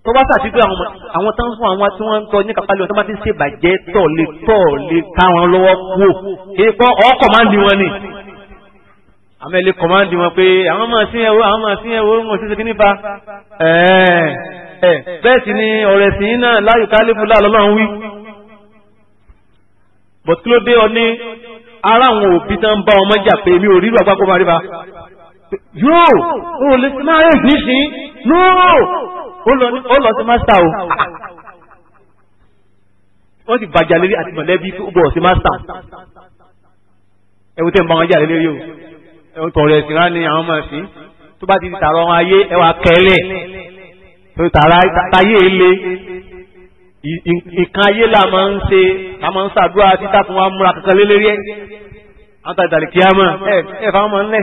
tó bá sàtìgbé àwọn àwọn tán fún àwọn tí wọ́n ń tọ́ ní kápálẹ̀ tó bá ti ṣe bàjẹ́ tọ̀ lè tọ̀ lè ká wọn lọ́wọ́ kú èèpọ̀ ọkọ̀ máa ń di wọn ni àmọ́ ẹ lè kọ̀ máa ń di wọn pé àwọn máa sí ẹ̀wọ́ àwọn máa sí ẹ̀wọ́ wọn ṣe ṣe kí nípa bẹ́ẹ̀ sì ni ọ̀rẹ́ sí náà láyò kálífù láàlọ́lọ́run wí bọ̀tílódé ọní ara àwọn òbí tán bá ọmọ jà pé mi ò rí bàbá kó ba yóò ò lè máa rè nísìnyí ó lọ sí mástà o wọ́n sì bàjá lérí àti mọ̀lẹ́bí tó bọ̀ sí mástà ẹ̀wù tẹ̀ ń bá wọn jà lérí o ẹ̀wù tọ̀rọ̀ ẹ̀sìn rán ni àwọn ọmọ ẹ̀sìn tó bá ti di tààrọ̀ wọn ayé ẹwà kẹrẹ̀ tó tààrà táyé ele ìkan ayé là máa ń ṣe là máa ń ṣàdúrà títà fún wa múra kankan lé lérí ẹ̀ àwọn tàbí tàbí kíámà ẹ̀ ẹ̀ fáwọn ọmọ ńlẹ̀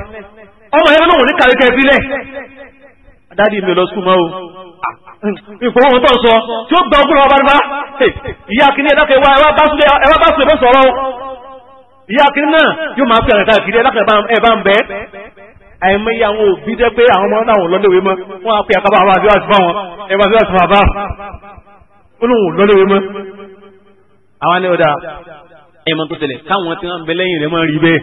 ọmọ yẹn náà wò ní kàríkẹ́ sílẹ̀ dádì mi lọ súnmọ́ o ìfowó wọn tó ń sọ tí ó gba ogún ọba nípa ìyá kìíní ẹ̀dá kan ẹwà bá sùn ẹwà bá sùn ẹ̀bọ̀ sọ̀rọ̀ o ìyá kìíní náà yóò máa fi àrẹ̀ká ìkìíní ẹ̀dá kan ẹ̀ bá ń bẹ́ àìmọye àwọn òbí jẹ́ pé àwọn ọmọ náà lọ́lẹ́wé mọ́ wọ́n á pe àkàbà àwọn àdúrà sí fáwọn ẹ̀wà àdúrà sí bàbá olóhùn lọ́lẹ́wé mọ́ àwọn ẹni ọ̀dà ẹ̀mọ́ tó tẹ̀lé káwọn tí wọ́n ń bẹ lẹ́yìn rẹ̀ mọ́ rí bẹ́ẹ̀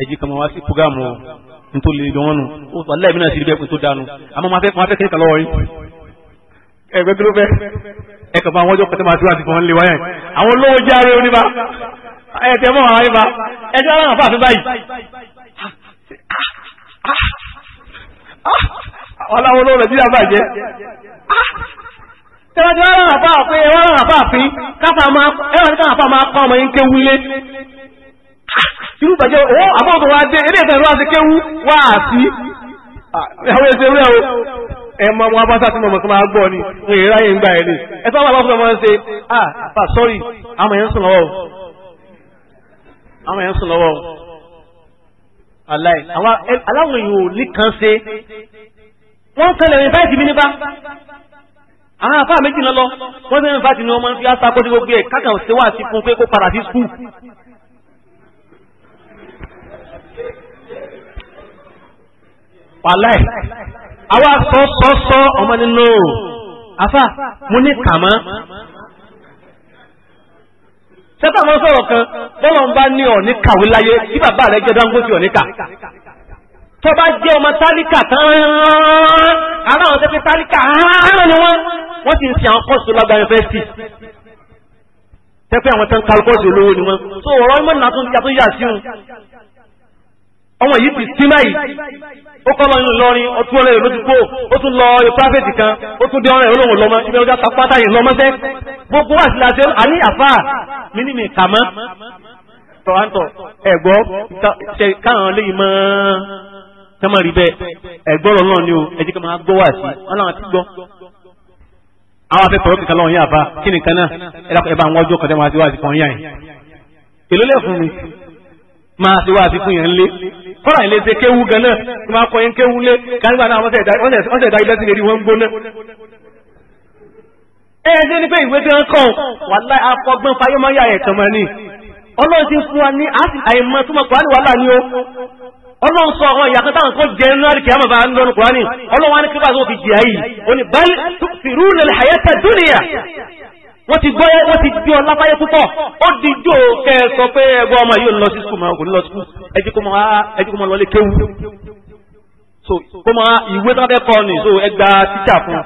ẹ̀jì kan máa wá sí púgàmù nítorí lè jọ wọn nù ó wà láì mìíràn sí ibi ẹ̀kún tó dánu àmọ́ máa fẹ́ máa fẹ́ kéka lọ́wọ́ yín ẹgbẹ́ kí ló fẹ́ ẹ kàn fún àwọn ọjọ́ kẹtẹ́ máa tó àti fún lè wáyà àwọn olówó járe oníbà ẹ tẹ mọ́ àwọn àyíbá ẹ ti rárá àfáàfin báyìí ọláwọ́ olówó nàìjíríà bàjẹ́ tẹ́wájú rárá àfáàfin ẹ wá rárá àfáàfin káfà máa ẹ wà ní káfà máa kọ́ ọmọ irú bàjẹ́ ó àbọ̀tò wa dé ilé ìtàn ìlú àti kéwú wá sí àwọn èsì ewúrẹ́ o ẹ mọ àwọn abáṣà tí mọ̀ tó máa gbọ́ ni mo yẹ ráyè ń gbà ẹ ẹ tó wà bá ṣe ah pa sọ́rí àmọ̀ yẹn ń sùn lọ́wọ́ àmọ̀ yẹn ń sùn lọ́wọ́ aláì àwọn aláwọ̀ èèyàn ò ní kan ṣe wọ́n kan lè rìn fáìtì mi nípa àwọn àfáà méjì lọ wọ́n ti rìn fáìtì ni wọ́n máa ń fi wàláì àwa sọ sọ sọ ọmọ nínú afa mo ní kàmá sẹ́tà àwọn sọ̀rọ̀ kan bọ́lọ̀ ń bá ní ọ̀ ní kàwé láyé tí bàbá rẹ̀ jẹ́ Dangote ọ̀ ní kà tó bá jẹ́ ọmọ tálíkà tán ara àwọn tẹ́fẹ́ tálíkà ara ni wọ́n wọ́n ti ń sin àwọn kọ́ọ̀sì lọ́gbà yunifásitì tẹ́fẹ́ àwọn tán kálukọ́ọ̀sì olówó ni wọ́n tó ọ̀rọ̀ ìmọ̀ nà tó yà sí wọn ọmọ yìí ti sí báyìí ó kọ́ lọ inú Ìlọrin ó tún ọ̀rẹ́ rẹ̀ lójú kó ó tún lọ private kan ó tún dé ọ̀rẹ́ rẹ̀ olóhùn lọ́mọ ibẹ̀ ọjà pátá yìí lọ́mọ sẹ́ gbogbo wà sí la ṣe àní àfà mí ní mi kà mọ́ tọ̀wántọ̀ ẹ̀gbọ́ ṣe káwọn lè mọ́ tẹ́mọ̀ rí bẹ́ẹ̀ ẹ̀gbọ́rọ̀ náà ni o ẹ jẹ́ ká máa gbọ́ wà sí wọn làwọn ti gbọ́ àwọn afẹ́ pẹ̀lú kankan lọ́wọ́ yín àfà kí nìkan náà ẹ bá àwọn ọjọ́ kan tẹ́ máa ṣe wá àfikún yẹn lé kọ́ra ilé ṣe kéwu gan náà tí wọ́n kọ́ yẹn kéwu lé kánígbà náà wọ́n dá ilé sí ẹ ni pé ìwé tí ni ti fún wa ní àìmọ́ tó mọ̀ kúránì wàhálà ni ó ọlọ́run sọ àwọn ìyàtọ̀ táwọn jẹ wa ní kí wọ́n fi jìyà yìí ó ní wọ́n ti gbọ́ wọ́n ti gbé ọlá fáyé púpọ̀ ó di jò kẹ́ ẹ sọ pé ẹgbẹ́ ọmọ yóò lọ sí skul máa kò ní lọ sí skul ẹjí kó máa lọ lé kéwú so kó máa ìwé tó bá fẹ́ kọ́ ni so ẹ gba tíṣà fún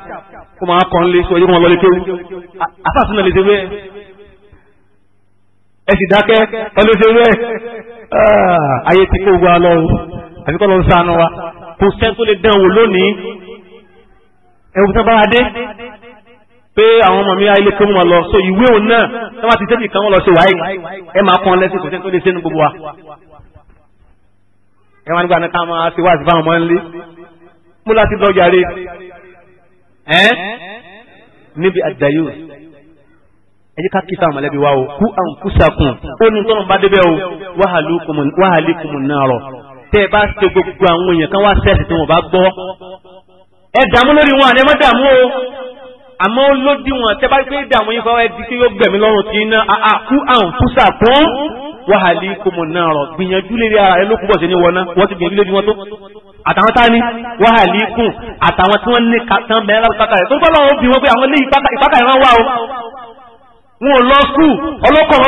kó máa kọ́ nílé so ẹjí kó máa lọ lé kéwú àfàtún náà lè ṣe wẹ́ ẹ sì dákẹ́ ẹ ló ṣe wẹ́ ah, ayé ti kó wa lọ àfikọ́ lọ ń sànù wa kò sẹ́ńtò lè dán wò lónìí ẹ̀wù pé àwọn ọmọ mi á ilé kéwọn lọ so ìwé òun náà tí wọ́n ti tẹ́lẹ̀ kan wọ́n lọ sí wáyé ẹ máa kàn lẹ́sìn kò sẹ́ni tó lè sẹ́nu gbogbo wa. ẹ wá nígbà náà ká máa ṣe wáàsí fáwọn ọmọ ńlẹ mú láti lọ́jà rè ẹ́ níbi àjàyò ẹ jẹ́ ká kí sáwọn mọ̀lẹ́bí wa o kú àwọn kùsàkùn ó ní tọ́nà bá débẹ̀ o wàhálì kùmù náà rọ̀ tẹ́ ẹ bá ṣe gbogbo àwọn èèyàn kan wá sẹ́ẹ̀sì tí wọ́n bá gbọ́ ẹ dààmú lórí wọn àná ẹ má dààmú o àmọ́ ó lódiwọ̀n tẹ́ bá pé dààmú yín fáwọn ẹdí tí yóò gbẹ̀mí lọ́rùn tí iná àá ah, ah, kú àrùn tó sàkún wàhálì kòmò náà rọ̀ gbìyànjú lérí ara rẹ ló kú bọ̀ sí ní wọná wọ́n ti gbìyànjú lérí wọn tó àtàwọn tá ní wàhálì kùn àtàwọn tí wọ́n ní kàtàn bẹ̀rẹ̀ lápákà rẹ̀ tó ń bọ́ lọ́wọ́ bí wọ́n pé àwọn ilé ìpákà ìran wà o wọn ò lọ skul ọlọ́kọ̀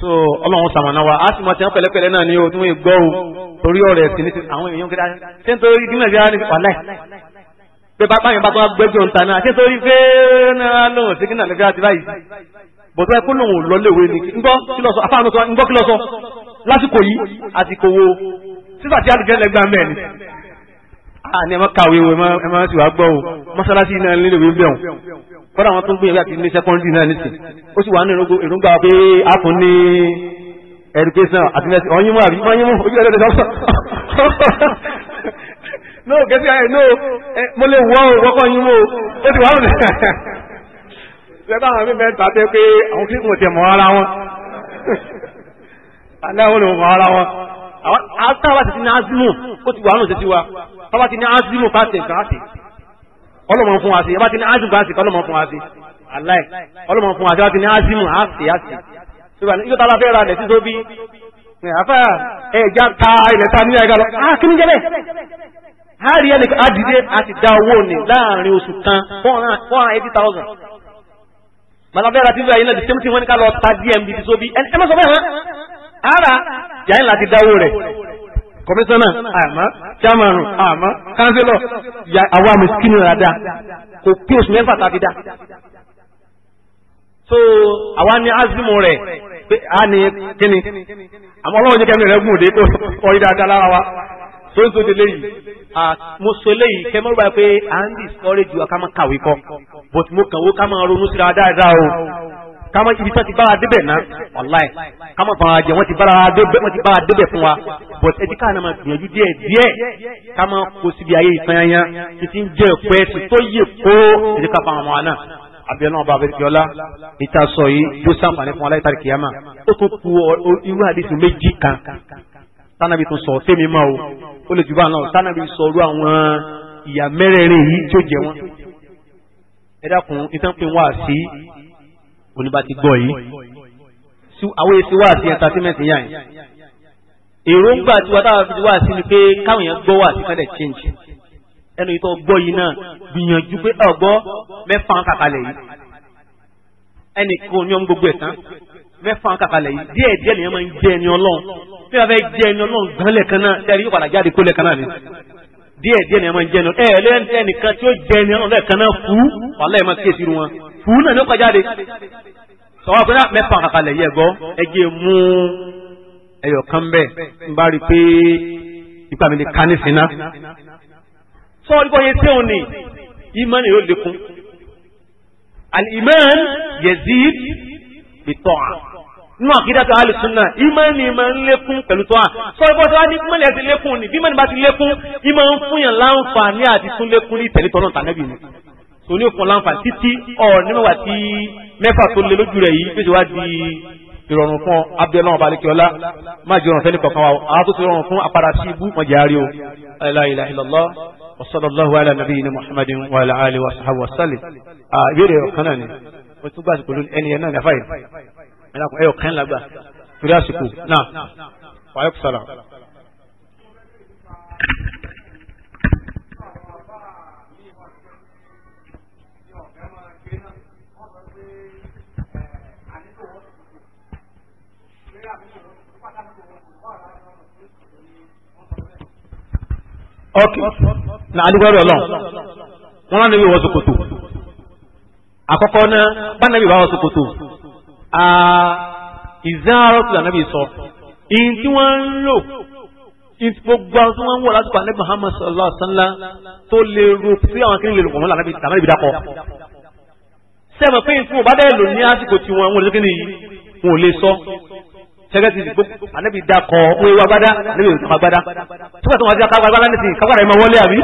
so ọlọ́run sàmọ̀nà wa a sì mọ̀ tí wọ́n pẹ̀lẹ́pẹ̀lẹ́ o tún gbọ́ o torí ọ̀rọ̀ ẹ̀sìn ní àwọn èèyàn kíkà ṣé ń torí gímọ̀ ìgbéra ní wàláì pé bàbá yẹn bá tó gbẹ́jọ́ ń ta náà torí náà lóhùn sí báyìí bọ̀dọ̀ ẹ kó lóhùn ni kí lọ sọ sọ kí lọ sọ lásìkò yìí wo sísà tí a kọ́dà wọn tó ń gbìyànjú àti ní sẹ́kọ́ndì náà nìsín ó sì wà ní èròǹgbà pé a fún ní education àti nẹ́sìn ọ̀yìn mú àbí ọ̀yìn mú ojú ẹ̀rọ ìdọ́sọ̀ no gẹ́sì ayé no mo lè wọ́ o wọ́kọ́ yín mú o ó ti wà lónìí lẹ́tà àwọn mímẹ́ ta tẹ́ pé àwọn tí kò tẹ̀ mọ́ ara wọn aláwọ̀ lè mọ́ ara wọn àwọn àtàwọn ti ní azimu ó ti wà lónìí tẹ́tí wa táwọn ti ní azimu ká tẹ̀ ká tẹ̀ ọlọ́mọ fún wa sí ẹ bá ti ní azimu bá sì kọ́ ọlọ́mọ fún wa sí aláì ọlọ́mọ fún wa sí ẹ bá ti ní azimu á sì á sì yóò tá a la fẹ́ ra lẹ́sí tó bí àfa ẹ̀já ta ilẹ̀ ta ní ẹ̀gá lọ á kí ni jẹ́ bẹ́ẹ̀ á rí ẹnì á dìde á sì dá owó ní láàrin oṣù kan four hundred eighty thousand malafẹ́ ra tv ayélujára same thing wọ́n ní ká lọ ta dmb tó bí ẹ má sọ bẹ́ẹ̀ hàn ara yàrá láti dá owó rẹ̀ kọmísánná àmọ́ jámánù àmọ́ kánsílọ̀ àwa mùsùlùmí rada kò pé oṣù mẹ́fà tàbí dá. so àwa ni azimu rẹ̀ pé a ní kíni àmọ́ ọlọ́run jẹ́ kẹ́mi rẹ̀ gùn dé kó ọ̀rí dáadáa lára wa tó ń sóde léyìí mo sọ léyìí kẹ́ mọ́ báyìí pé à ń discourage wa ká máa kàwé kọ́ but mo kàn wó ká máa ronú síra dáadáa o kama ibi tí wọn ti bára débẹ̀ náà wàláì kama fara jẹ wọn ti bára débẹ̀ wọn ti bára débẹ̀ fún wa but ẹtí ká nàá ma gbìyànjú díẹ̀ díẹ̀ kama kó síbi ayé ìfanyanya títí ń jẹ ẹ̀kọ́ ẹ̀sìn tó yẹ kó ẹtí ká fara mọ́ àná abiyanu ọba abirikiola níta sọ yìí yóò sàǹfààní fún aláìtàrí kìyàmà ó tún ku irú àdìsí méjì kan tánàbí tún sọ tèmi ma o ó lè jù bá náà tánàbí sọ irú àwọn ìyà mẹ́rẹ̀ẹ̀rin yìí tó jẹ wọn ẹ dákun ìtàn pé wọn à sí oníbà ti gbọ́ yìí àwọn èsì wà sí entertainment yàn yìí èròǹgbà tí wọ́n táwọn fi wà sí ni pé káwọn èèyàn gbọ́ wà sí kọ́ndẹ̀ change ẹnu ìtọ́ gbọ́ yìí náà gbìyànjú pé ọ̀gbọ́ mẹ́fà ń kàkalẹ̀ yìí ẹnì kan ní ọmọ gbogbo ẹ̀ tán mẹ́fà ń kàkalẹ̀ yìí díẹ̀ díẹ̀ nìyẹn máa ń jẹ ẹni ọlọ́run bí wọ́n fẹ́ jẹ ẹni ọlọ́run gan lẹ́ẹ̀kan náà tẹ́lẹ̀ yóò padà jáde kó lẹ́ẹ̀kan náà ni díẹ̀ díẹ̀ nìyẹn máa ń jẹ ẹni ọlọ́run ẹ̀ẹ́dẹ́nìkan tí ó jẹ ẹni ọlọ́run lẹ́ẹ̀kan náà fún wàhálà ẹ̀ máa kíyèsí ru wọn fún náà ní ọkọ̀ jáde sọ̀rọ̀ pé ah, mẹ́fà kàkàlẹ̀ yẹ gbọ́ ẹjẹ́ mú ẹyọ kan bẹ́ẹ̀ ń bá rí i pé ipa mi lè ká nísìn náà sọ̀rọ̀ nípa oye tí òun ni ìmọ̀ ni yóò lékún al-iman yazid bit-ta'a nínú àkídá tó alẹ́ sunna ìmọ̀ ni ìmọ̀ ń lékún pẹ̀lú tọ́à sọ̀rọ̀ nípa tọ́à ní mọ̀lẹ́ ti lékún ni bí mọ̀lẹ́ bá ti lékún ìmọ̀ ń fún yàn láǹfààní àti tún lékún ní tẹ̀lé tọ́nà tànẹ́bì ni tòní òkun láǹfà títí ọ̀ọ́ni mẹ́wàá tí mẹ́fà tó lé lójú rẹ̀ yìí gbèsè wá di ìrọ̀rùn fún abdullahi ọba alekiola má jẹ́ ọ̀rùn fẹ́ni kankan wa àwọn tó ti rọrùn fún apara sí ibú mọ̀jẹ̀ àárí o la ilaha illallah wa sallallahu ala nabiyina muhammadin wa ala alihi wa sahbihi wa sallim ìbéèrè ọ̀kan náà ni wọ́n tún gbà àsìkò lónìí ẹni yẹn náà ní afáyé ẹ̀yọ̀ kan lágbà torí àsìkò náà wàhálà kùsàlà. Ok, na adigunrẹ Ọlọ́run wọn náà níbi wọ ṣòkòtò àkọ́kọ́ náà bá nàbí wà wọ ṣòkòtò ìzáàrọ tó nàbí sọ ìyìn tí wọn ń lò gbogbo àwọn tí wọn ń wọ láti pa anabi Muhammad sallallahu alaihi wa sallam tó lè ro sí àwọn akéwìn lè lò wọn lànàbí tàbí dakọ sẹ́mi pé ìfún ọba dẹ́ lò ní àsìkò tí wọn wọn lè kí ni wọn ò lè sọ gẹ́gẹ́ ti gbó anabi da kọ wọn ewu agbada anabi òkú agbada tó kàtó wọn ti kakọ agbada nísìnyí kakọ àrẹ ma wọlé àbí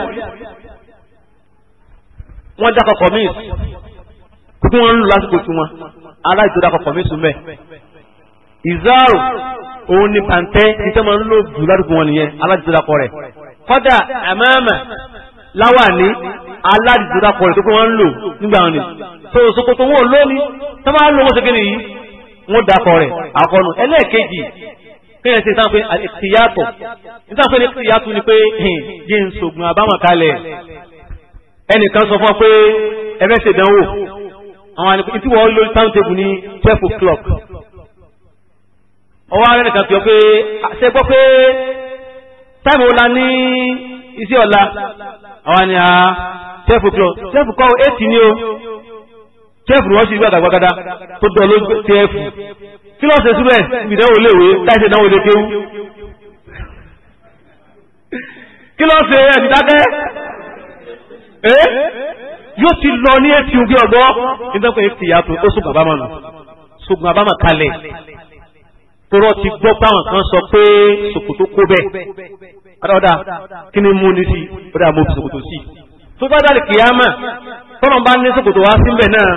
wọn da kọkọ míì kókó wọn ń lu lásìkò tí wọn aláìtó da kọkọ míì sùn mẹ ìzáàrò òun ni pàǹtẹ iṣẹ máa ń lò jù ládùúgbò wọn nìyẹn aláìtó da kọ rẹ kọdà àmàmà láwàní aládìtó da kọ rẹ tó kó wọn ń lò nígbà wọn ni tó sokoto wọn ò tó bá ń lò wọn ṣe kéde wọ́n dakọ̀ rẹ̀ àkọlù ẹlẹ́ẹ̀kejì kéèyàn ṣe sáà pé àtìyàtọ̀ nígbà pé àtìyàtọ̀ ni pé jẹ́ ń sògùn àbámọ̀ kalẹ̀ ẹnìkan sọ fún ọ pé ẹ fẹ́ ṣèdánwò àwọn àníkú tí wọ́n lórí táwùtẹ́bù ní twelve o'clock ọwọ́ arẹ́nì kan fi pé ah, ṣe gbọ́ pé táìmù ọ̀la ní iṣẹ́ ọ̀la àwọn àníyàn ah, twelve o'clock twelve kọ́ eight ni o tẹ́ẹ̀fù ni wọ́n ṣe gbàgbà gbàgádá tó dán ló tẹ́ẹ̀fù kí lọ́ọ̀ ṣe síbẹ̀ ìdánwò léèwé láìsẹ̀ ìdánwò lè kéwú kí lọ́ọ̀ ṣe ẹ̀mí dákẹ́ ẹ́ yóò ti lọ ní etí oge ọgbọ́ nígbàgbọ́ etí yàtọ̀ ó sùn bàbá màmá sùn bàbá màmá kalẹ̀ tọrọ ti gbọ́ báwọn kan sọ pé sòkòtò kó bẹ́ẹ̀ ọ̀dà ọ̀dà kí ni mú ní sí ọ̀dà mo fi sòkòtò sí tó bá dàrí tọ́lọ̀ bá ní sòkòtò wá síbẹ̀ náà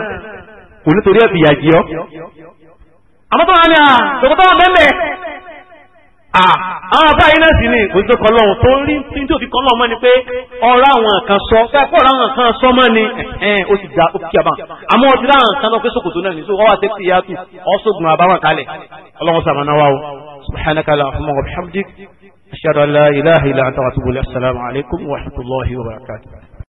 kò nítorí ẹ̀ fìyà jẹ́ ọ́ àmọ́ tó wà ní à sòkòtò wà bẹ́ẹ̀ àwọn ọba yìí náà sì ni kò sí kọ́ lọ́hùn tó ń rí tí tí òfin kọ́ lọ́hùn mọ́ ni pé ọ̀rọ̀ àwọn nǹkan sọ fẹ́ẹ́kọ́ ọ̀rọ̀ àwọn nǹkan sọ mọ́ ni ó sì da ó kí a bá àmọ́ ọtí láwọn nǹkan náà pé sòkòtò náà nìṣó ọwọ́ àti tìyàtù ọ̀ṣọ́gun àbáwọn kalẹ̀ ọlọ́run sàmánà wa o subhanaka allahumma wa bihamdik ashhadu an la ilaha illa anta wa atubu ilayk assalamu alaykum wa rahmatullahi wa barakatuh